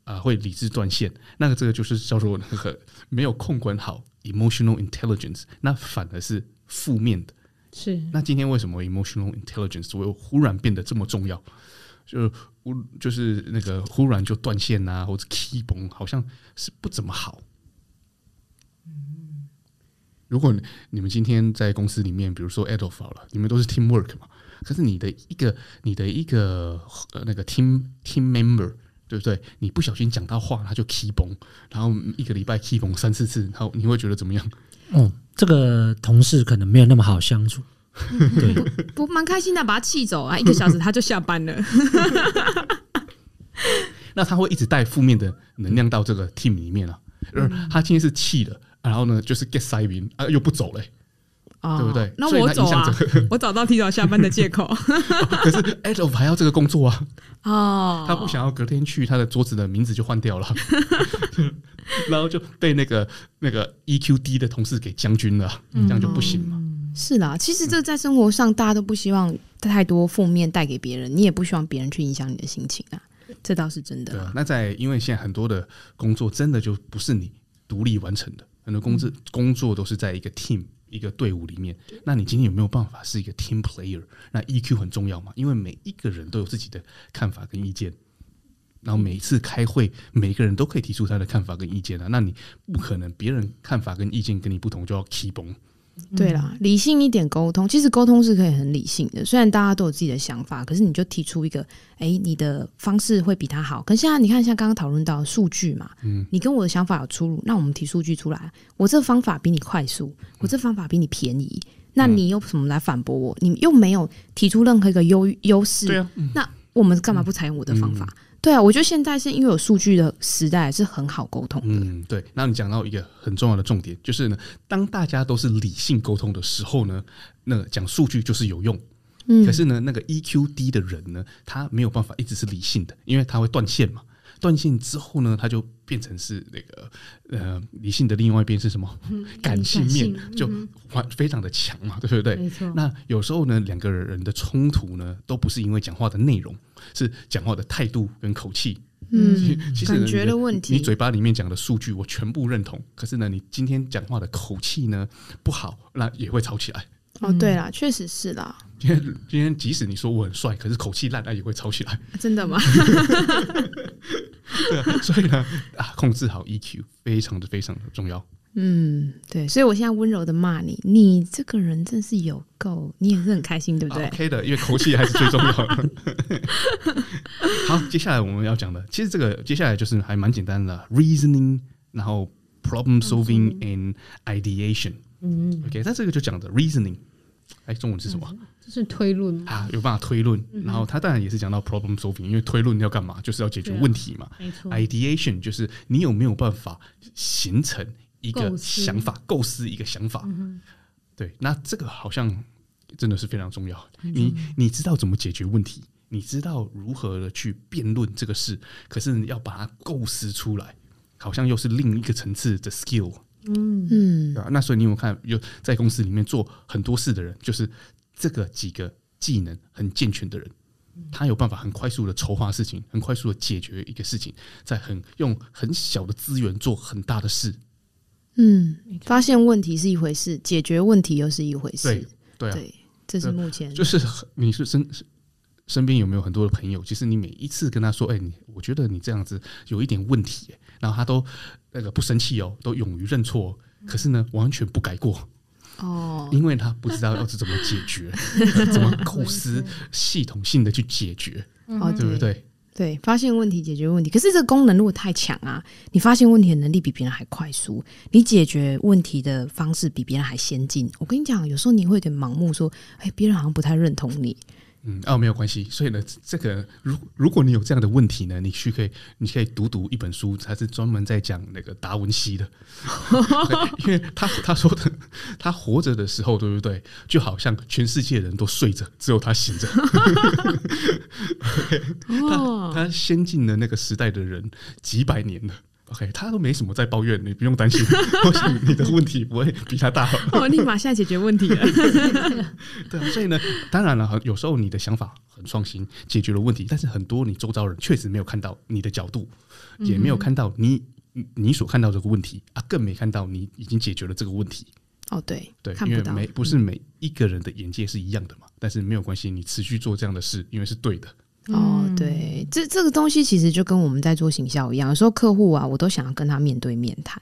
啊、呃、會理智斷線，那個這個就是叫做那個沒有控管好 emotional intelligence，那反而是負面的。是，那今天為什麼 emotional intelligence 會忽然變得這麼重要？就忽就是那個忽然就斷線啊，或者 key 崩，好像是不怎麼好。如果你們今天在公司裡面，比如說 Adolf 好了，你們都是 teamwork 嘛，可是你的一個你的一個那個 team team member 對不對？你不小心講到話，他就 key 崩，然後一個禮拜 key 崩三四次，然後你會覺得怎麼樣？哦、嗯，這個同事可能沒有那麼好相處。嗯、不蠻開心的，把他氣走啊！一個小時他就下班了。 *laughs* *laughs* 那他會一直帶負面的能量到這個 team 裡面了、啊。他今天是氣的，然後呢，就是 get 撒暈啊，又不走嘞、欸，哦、對不對？那我走,、啊我,走啊、我找到提早下班的借口、 *laughs* 哦。可是，Adolf，我還要這個工作啊。哦，他不想要隔天去，他的桌子的名字就換掉了，哦、 *laughs* 然後就被那個那個 EQD 的同事給將軍了，這樣就不行嘛。嗯哦是啦，其實這在生活上，大家都不希望太多負面帶給別人，嗯、你也不希望別人去影響你的心情啊。這倒是真的、啊。對，那在因為現在很多的工作真的就不是你獨立完成的，很多工作工作都是在一個 team、嗯、一個隊伍裡面。那你今天有沒有辦法是一個 team player？那 EQ 很重要嘛，因為每一個人都有自己的看法跟意見，然後每一次開會，每個人都可以提出他的看法跟意見啊。那你不可能別人看法跟意見跟你不同就要氣崩。對啦，理性一點溝通。其實溝通是可以很理性的，雖然大家都有自己的想法，可是你就提出一個，哎、欸，你的方式會比他好。可是現在你看，像剛剛討論到數據嘛，你跟我的想法有出入，那我們提數據出來，我這方法比你快速，我這方法比你便宜，嗯、那你又什麼來反駁我？你又沒有提出任何一個優優勢，啊、那我們幹嘛不採用我的方法？嗯嗯嗯對啊，我覺得現在是因為有數據的時代，是很好溝通嗯，對。然你講到一個很重要的重點，就是呢，當大家都是理性溝通的時候呢，那個講數據就是有用。嗯，可是呢，那個 EQ 低的人呢，他沒有辦法一直是理性的，因為他會斷線嘛。斷性之後呢，它就變成是那個呃，理性的另外一邊是什麼、嗯、感性面，性嗯、就非常的強嘛，對不對？沒錯 那有時候呢，兩個人的衝突呢，都不是因為講話的內容，是講話的態度跟口氣。嗯，其實感覺的問題你。你嘴巴裡面講的數據我全部認同，可是呢，你今天講話的口氣呢，不好，那也會吵起來。嗯、哦，對了，確實是的。今天今天，今天即使你說我很帥，可是口氣爛，哎，也會吵起來。啊、真的嗎？ *laughs* 對、啊，所以呢，啊，控制好 EQ 非常的非常的重要。嗯，對，所以我現在溫柔的罵你，你這個人真是有夠，你也是很開心，對不對、啊、？OK 的，因為口氣還是最重要的。 *laughs* 好，接下來我們要講的，其實這個接下來就是還蠻簡單的，reasoning，然後 problem solving and ideation。嗯，OK，那這個就講的 reasoning，哎，中文是什麼？嗯是推論啊,啊，有辦法推論。然後他當然也是講到 problem solving，、嗯、因為推論要幹嘛，就是要解決問題嘛。沒錯 ideation 就是你有沒有辦法形成一個想法，構思,構思一個想法。嗯、哼對，那這個好像真的是非常重要。嗯、哼你你知道怎麼解決問題，你知道如何的去辯論這個事，可是你要把它構思出來，好像又是另一個層次的 skill、嗯。嗯嗯、啊，那所以你有,沒有看有在公司裡面做很多事的人，就是。這個幾個技能很健全的人，他有辦法很快速的籌劃事情，很快速的解決一個事情，在很用很小的資源做很大的事。嗯，發現問題是一回事，解決問題又是一回事。對，對啊，對，這是目前就是你是身身邊有沒有很多的朋友？其實你每一次跟他說：“哎，你我覺得你這樣子有一點問題。”然後他都那個不生氣哦，都勇於認錯，可是呢，完全不改過。哦，因為他不知道要是怎麼解決， *laughs* 怎麼構思系統性的去解決，哦， *laughs* 對不對，嗯嗯對？對，發現問題，解決問題。可是這個功能如果太強啊，你發現問題的能力比別人還快速，你解決問題的方式比別人還先進。我跟你講，有時候你會有點盲目，說，哎，別人好像不太認同你。嗯，哦，沒有關係。所以呢，這個，如果如果你有這樣的問題呢，你去可以，你可以讀讀一本書，它是專門在講那個達文西的， *laughs* 因為他他說的，他活着的時候，對不對？就好像全世界人都睡着，只有他醒着。 *laughs* 他他先進了那個時代的人幾百年了。OK，他都沒什麼在抱怨，你不用擔心，或許 *laughs* 你的問題不會比他大、 *laughs* 哦。我立馬下解決問題了 *laughs* 對。對，對，對，對，所以呢，當然了，有時候你的想法很創新，解決了問題，但是很多你周遭人確實沒有看到你的角度，也沒有看到你、嗯、哼你所看到這個問題啊，更沒看到你已經解決了這個問題。哦，對，對，看不到，因為每不是每一個人的眼界是一樣的嘛，嗯、但是沒有關係，你持續做這樣的事，因為是對的。哦，對，這這個東西其實就跟我們在做行銷一樣，有時候客戶啊，我都想要跟他面對面談，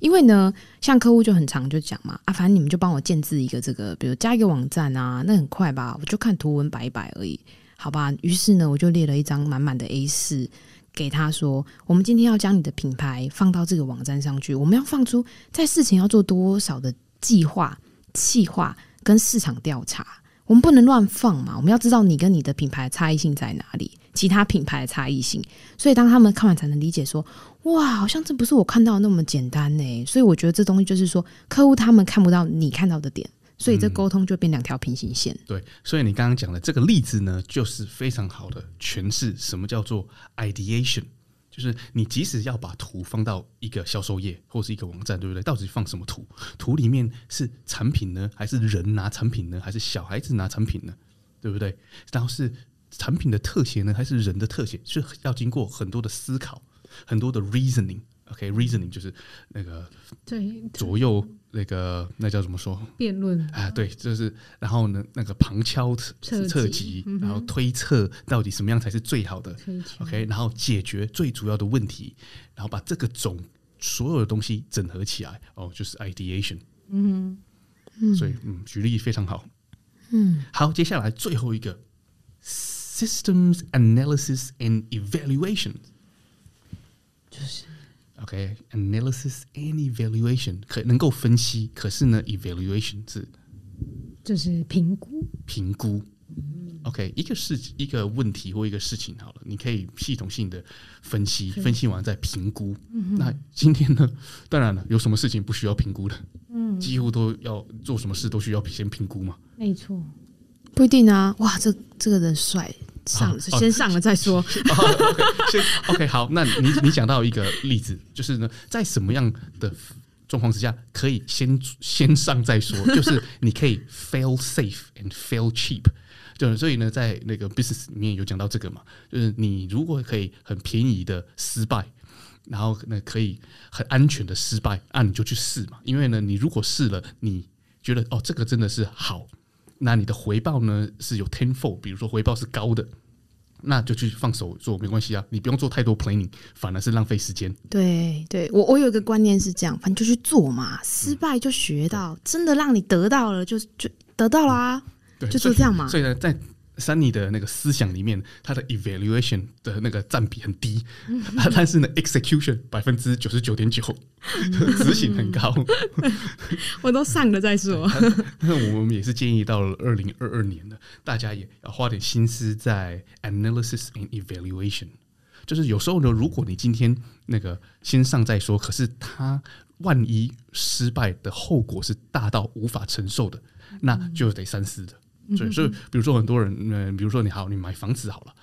因為呢，像客戶就很常就講嘛，啊，反正你們就幫我建置一個這個，比如加一個網站啊，那很快吧，我就看圖文擺一擺而已，好吧？於是呢，我就列了一張滿滿的 A 四給他說，我們今天要將你的品牌放到這個網站上去，我們要放出在事情要做多少的計劃、企劃跟市場調查。我們不能亂放嘛，我們要知道你跟你的品牌的差異性在哪裡，其他品牌的差異性。所以當他們看完才能理解說，哇，好像這不是我看到的那麼簡單呢。所以我覺得這東西就是說，客戶他們看不到你看到的點，所以這溝通就變兩條平行線。嗯，對，所以你剛剛講的這個例子呢，就是非常好的詮釋什麼叫做 ideation。就是你即使要把圖放到一個銷售頁或是一個網站，對不對？到底放什麼圖？圖裡面是產品呢，還是人拿產品呢？還是小孩子拿產品呢？對不對？然後是產品的特寫呢，還是人的特寫？是要經過很多的思考，很多的 reasoning。OK，reasoning，okay？就是那個對左右。那、這個那叫怎麼說？辯論啊，對，就是然後呢，那個旁敲側側擊，特嗯、然後推測到底什麼樣才是最好的。級 o、okay, k 然後解決最主要的問題，然後把這個總所有的東西整合起來，哦，就是 ideation。嗯哼，所以嗯，舉例非常好。嗯，好，接下來最後一個 Systems Analysis and Evaluation，就是。OK，analysis、okay, and evaluation 可能夠分析，可是呢，evaluation 字就是評估，評估。OK，一個事、一個問題或一個事情好了，你可以系統性的分析，以分析完再評估。嗯、哼那今天呢？當然了，有什麼事情不需要評估的？嗯、幾乎都要做什麼事都需要先評估嘛。沒錯錯，不一定啊。哇，這這個人帥。上、哦、先上了再說、哦、okay，OK 好，那你你講到一個例子，就是呢，在什麼樣的狀況之下可以先先上再說，就是你可以 fail safe and fail cheap，就所以呢，在那個 business 裡面有講到這個嘛，就是你如果可以很便宜的失敗，然後那可以很安全的失敗，那、啊、你就去試嘛，因為呢，你如果試了，你覺得哦，這個真的是好。那你的回報呢是有 tenfold，比如說回報是高的，那就去放手做沒關係啊，你不用做太多 planning，反而是浪費時間。對，對我我有一個觀念是這樣，反正就去做嘛，失敗就學到，嗯、真的讓你得到了就就得到了、啊，嗯、對就是這樣嘛。所以呢，在。Sunny 的那個思想裡面，他的 evaluation 的那個佔比很低， *laughs* 但是呢，execution 百分之九十九點九，執行很高。我都上了再說。那 *laughs* 我們也是建議到了二零二二年了，大家也要花點心思在 analysis and evaluation。就是有時候呢，如果你今天那個先上再說，可是他萬一失敗的後果是大到無法承受的，那就得三思的。所以，所以比如說很多人，嗯、呃，比如說你好，你買房子好了，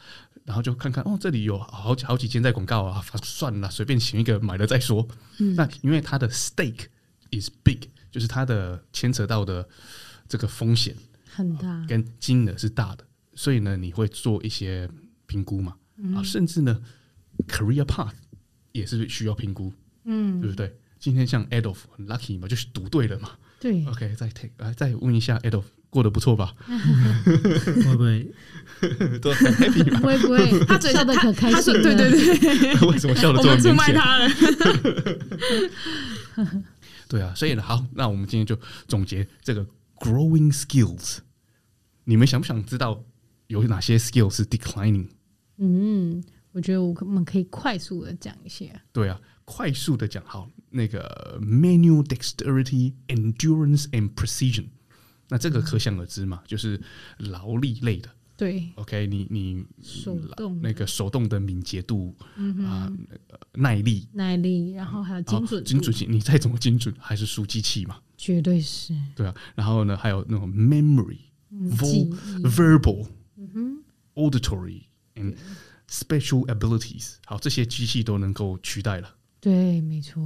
然後就看看，哦，這裡有好幾好幾間在廣告啊，啊，算了，隨便選一個買了再說。嗯，那因為它的 stake is big，就是它的牽扯到的這個風險很大，呃，跟金額是大的，所以呢，你會做一些評估嘛？啊，嗯，甚至呢，career path 也是需要評估，嗯，對不對？今天像 Adolf 很 lucky 嘛，就是賭對了嘛。對，OK，再 take 來再問一下 Adolf。過得不錯吧？會不會都很 happy 嗎？會不會他笑得可開心。對對對，為什麼笑得這麼美？出賣他了 *laughs* 對啊，所以呢，好，那我們今天就總結這個 growing skills。你們想不想知道有哪些 skills 是 declining？嗯，我覺得我們可以快速的講一些。對啊，快速的講，好，那個 manual dexterity, endurance and precision。那這個可想而知嘛，就是勞力類的，對，OK，你你手動那個，手動的敏捷度啊，耐力，耐力，然後還有精準精準性，你再怎麼精準，還是輸機器嘛，絕對是。對啊，然後呢，還有那種 memory、vol、verbal、auditory and special abilities，好，這些機器都能夠取代了。對，沒錯。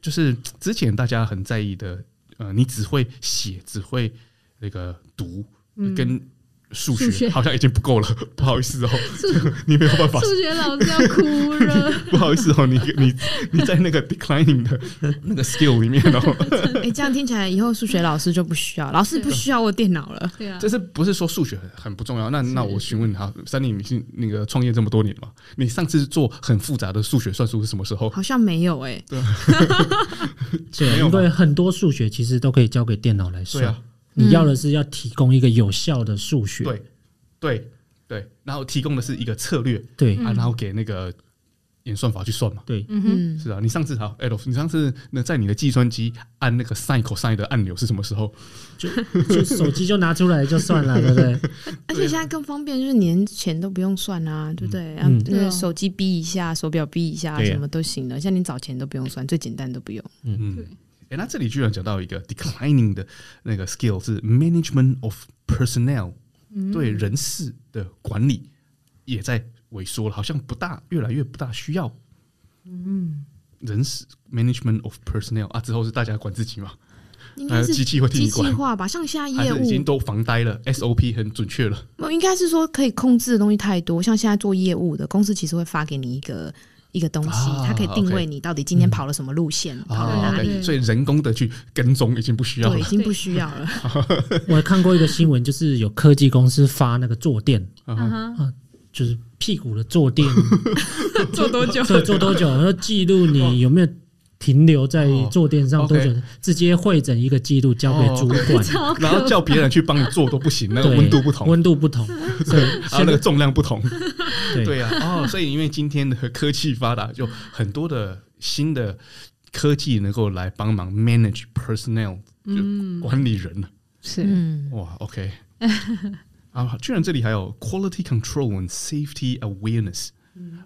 就是之前大家很在意的，呃，你只會寫，只會那個讀，跟，嗯數學好像已經不夠了，不好意思哦，你沒有辦法，數學老師要哭了，不好意思哦，你你你在那個 declining 的那個 skill 裡面哦，哎，這樣聽起來以後數學老師就不需要，老師不需要我電腦了，對啊，就是不是說數學很很不重要？那那我詢問他，三零女性那個創業這麼多年嘛，你上次做很複雜的數學算數是什麼時候？好像沒有哎，對，因為很多數學其實都可以交給電腦來算。你要的是要提供一個有效的數學，嗯、對對對，然後提供的是一個策略，對、啊，然後給那個演算法去算嘛，對，嗯、哼是啊，你上次好，Adolf 你上次那在你的計算機按那個 sin cosine 的按鈕是什麼時候？就就手機就拿出來就算了，對不對？而且現在更方便，就是連錢都不用算啊，對不對？嗯，嗯那個手機逼一下，手錶逼一下，對什麼都行了。現在連找錢都不用算，最簡單都不用，嗯嗯。對。欸、那這裡居然講到一個 declining 的那個 skill 是 management of personnel，嗯、對人事的管理也在萎縮了，好像不大，越來越不大需要。人事 management of personnel 啊，之後是大家管自己嘛？應該是機器、器化吧？像現在業務已經都防呆了，SOP 很準確了。應該是說可以控制的東西太多，像現在做業務的公司，其實會發給你一個。一個東西，啊、它可以定位你到底今天跑了什麼路線，嗯、跑了哪裡？、啊、okay, 所以人工的去跟蹤已經不需要了。對，已經不需要了。對 *laughs* 我還看過一個新聞，就是有科技公司發那個坐墊， *laughs* 就是屁股的坐墊， *laughs* 坐多久？對，坐多久？然後記錄你有沒有。停留在坐墊上多久？直接彙整，一個紀錄交給主管，然後叫別人去幫你做都不行了。那個溫度不同，溫度不同，然後那個重量不同，對啊。哦，所以因為今天的科技發達，就很多的新的科技能夠來幫忙 manage personnel 就管理人，是，哇，OK，居然這裡還有 quality control and safety awareness。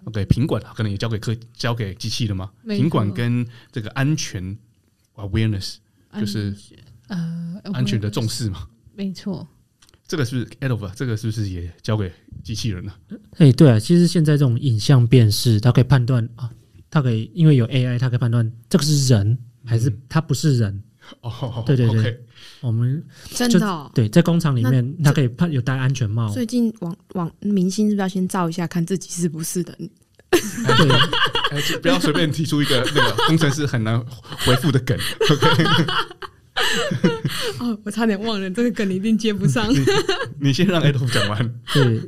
OK，品管，可能也交給科，交給機器人嘛。品管跟這個安全 awareness，嗯，啊，就是呃安全的重視嘛，嗯嗯、沒錯。這個是不是 Adolf，這個是不是也交給機器人了，啊？誒，對啊，其實現在這種影像辨識，它可以判斷啊，它可以因為有 AI，它可以判斷這個是人還是它不是人。嗯哦，對對對，我們真的對在工廠裡面，他可以有戴安全帽。最近網網明星是不是要先照一下，看自己是不是的？不要隨便提出一個那個工程師很難回復的梗。我差點忘了，這個梗你一定接不上。你先讓 Adolf 講完。對，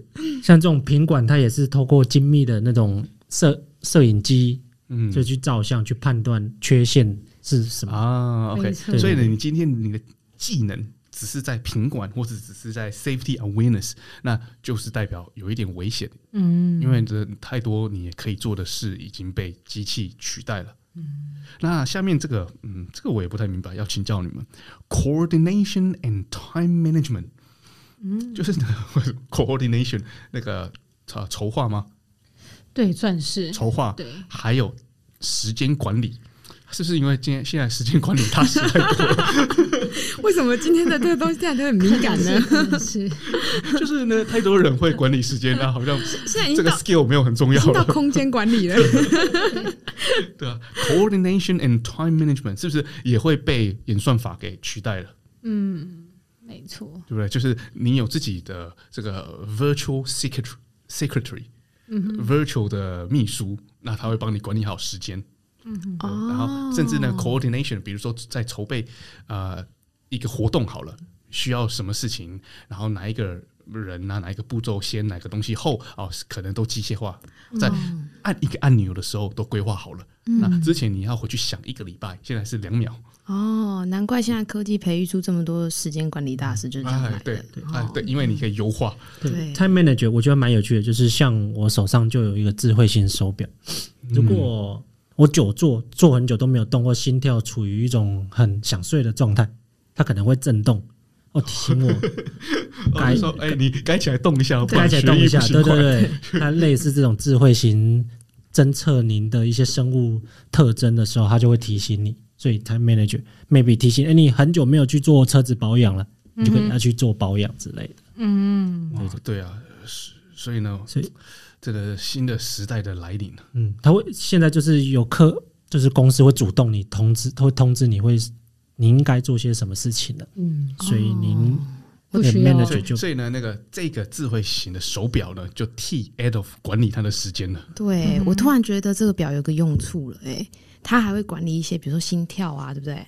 像這種品管，它也是透過精密的那種攝攝影機，嗯，就去照相去判斷缺陷。是什麼啊？OK，錯所以呢，你今天你的技能只是在平管或者只是在 safety awareness，那就是代表有一點危險。嗯，因為這太多你也可以做的事已經被機器取代了。嗯，那下面這個，嗯，這個我也不太明白，要請教你們 coordination and time management。嗯，就是 coordination 那個籌籌劃嗎？對，算是籌劃。對，還有時間管理。是不是因為今天現在時間管理大師太多了？ *laughs* 為什麼今天的這個東西現在都很敏感呢？是，是就是呢，太多人會管理時間了，啊，好像這個 skill 沒有很重要，到空間管理了 *laughs* Okay. 對。對 coordination and time management 是不是也會被演算法給取代了？嗯，沒錯，對不對？就是你有自己的這個 secretary，嗯、哼 virtual secretary，virtual 的秘書，那他會幫你管理好時間。嗯，然後甚至呢，coordination，比如說在籌備呃一個活動好了，需要什麼事情，然後哪一個人哪一個步驟先，哪個東西後，可能都機械化，在按一個按鈕的時候都規劃好了。那之前你要回去想一個禮拜，現在是兩秒。哦，難怪現在科技培育出這麼多時間管理大師，就是這樣來的。對，對，因為你可以優化。對，time manager，我覺得蠻有趣的，就是像我手上就有一個智慧型手錶，如果。我久坐，坐很久都沒有動過，心跳處於一種很想睡的狀態，它可能會震動，哦，提醒我，該、哦、說，哎、欸，你該起來動一下，該該起來動一下，對對對， *laughs* 它類似這種智慧型偵測您的一些生物特徵的時候，它就會提醒你，所以它 manager maybe 提醒，哎、欸，你很久沒有去做車子保養了，嗯、哼你就可以拿去做保養之類的，嗯哼，對啊，所以呢，所以。這個新的時代的來臨，嗯，他會現在就是有客，就是公司會主動你通知，他會通知你會你應該做些什麼事情了。嗯，所以您、嗯、不需要，所以呢，以那個這個智慧型的手錶呢，就替 Adolf 管理他的時間了。對，我突然覺得這個錶有個用處了，哎對，它、欸、還會管理一些，比如說心跳啊，對不對？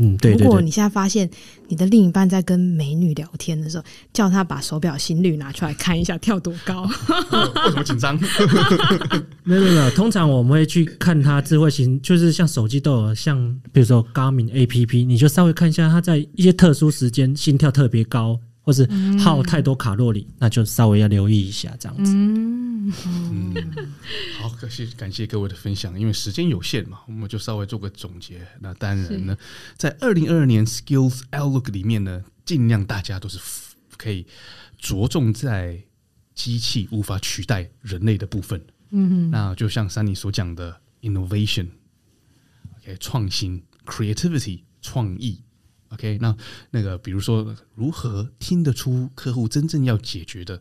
嗯，對，對。如果你現在發現你的另一半在跟美女聊天的時候，叫她把手錶心率拿出來看一下跳多高，嗯，為什麼緊張？ *laughs* *laughs* 沒有沒有，通常我們會去看她智慧型，就是像手機都有，像比如說 Garmin APP，你就稍微看一下她在一些特殊時間心跳特別高。就是耗太多卡路里，嗯、那就稍微要留意一下，這樣子。嗯， *laughs* 好，感謝感謝各位的分享，因為時間有限嘛，我們就稍微做個總結。那當然呢，是在二零二二年 Skills Outlook 裡面呢，儘量大家都是可以着重在機器無法取代人類的部分。嗯哼，那就像珊妮所講的 innovation，OK、okay, 創新 creativity 創意。OK，那那個比如說如何聽得出客戶真正要解決的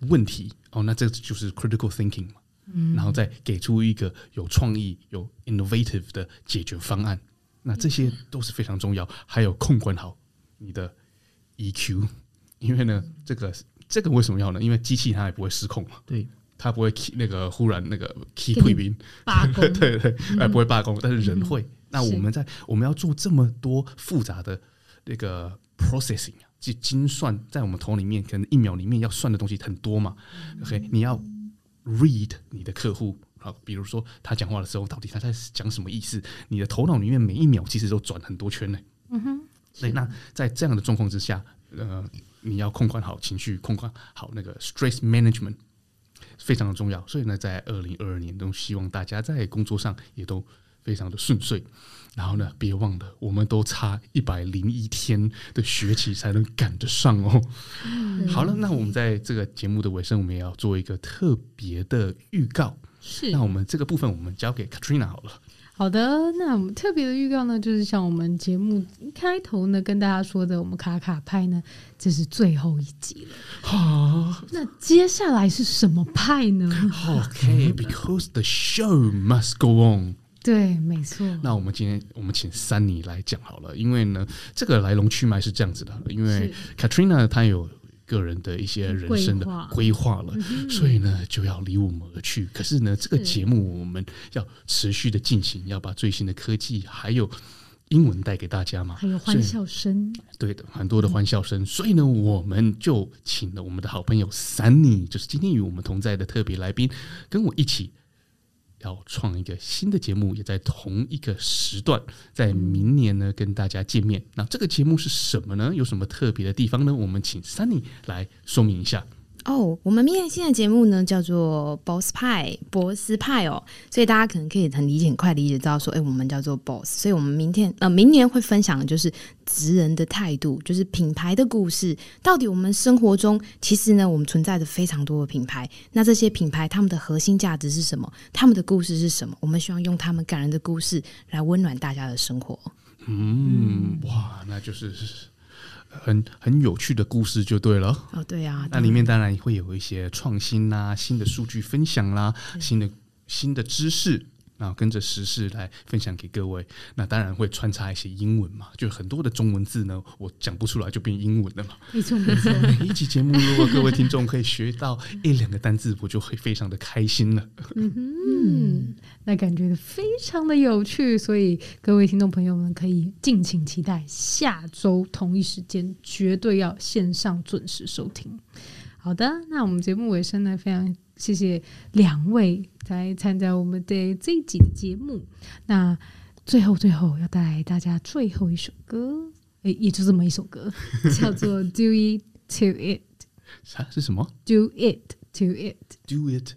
問題哦，oh, 那這就是 critical thinking 嘛，嗯，然後再給出一個有創意、有 innovative 的解決方案，那這些都是非常重要。嗯、還有控管好你的 EQ，因為呢，嗯、這個這個為什麼要呢？因為機器它也不會失控嘛，對，它不會那個忽然那個 keep 住 *laughs* 對，對對，它也、嗯、不會罷工，但是人會。嗯那我們在是我們要做這麼多複雜的那個 processing，就精算，在我們頭裡面可能一秒裡面要算的東西很多嘛。嗯、OK，你要 read 你的客戶啊，比如說他講話的時候，到底他在講什麼意思？你的頭腦裡面每一秒其實都轉很多圈呢。嗯哼，所以那在這樣的狀況之下，呃，你要控管好情緒，控管好那個 stress management，非常的重要。所以呢，在二零二二年，都希望大家在工作上也都。非常的順遂，然後呢，別忘了，我們都差一百零一天的學期才能趕得上哦。嗯、好了，那我們在這個節目的尾聲，我們也要做一個特別的預告。是，那我們這個部分，我們交給 Katrina 好了。好的，那我們特別的預告呢，就是像我們節目開頭呢，跟大家說的，我們卡卡派呢，這是最後一集了。好哈，那接下來是什麼派呢？Okay, because the show must go on。對，沒錯。那我們今天我們請 Sunny 來講好了，因為呢，這個來龍去脈是這樣子的，因為 Katrina 她有個人的一些人生的規劃了，是所以呢就要離我們而去。可是呢，是這個節目我們要持續的進行，要把最新的科技還有英文帶給大家嘛，還有歡笑聲。對的，很多的歡笑聲。嗯、所以呢，我們就請了我們的好朋友 Sunny，就是今天與我們同在的特別來賓，跟我一起。要創一個新的節目，也在同一個時段，在明年呢跟大家見面。那這個節目是什麼呢？有什麼特別的地方呢？我們請 Sunny 來說明一下。哦，oh, 我們明天的新的節目呢，叫做 Pie, Boss、派 Boss、派哦，所以大家可能可以很理解，很快理解到說，誒、欸，我們叫做 Boss，所以我們明天呃，明年會分享的就是職人的態度，就是品牌的故事。到底我們生活中，其實呢，我們存在着非常多的品牌，那這些品牌他們的核心價值是什麼？他們的故事是什麼？我們希望用他們感人的故事來溫暖大家的生活。嗯，哇，那就是。很很有趣的故事就對了哦，對啊，對啊。那裡面當然會有一些創新啦，新的數據分享啦，對新的新的知識啊，然後跟着時事來分享給各位。那當然會穿插一些英文嘛，就很多的中文字呢，我講不出來就變英文了嘛。沒錯沒錯，每一集節目如果各位聽眾可以學到一兩個單字，我就會非常的開心了。嗯那感覺非常的有趣，所以各位聽眾朋友們可以敬請期待下周同一時間，絕對要線上準時收聽。好的，那我們節目尾聲呢，非常謝謝兩位來參加我們的這一集的節目。那最後最後要帶來大家最後一首歌，誒、欸，也就這麼一首歌，叫做《Do It To It》。啥是什麼？Do It To It。Do It。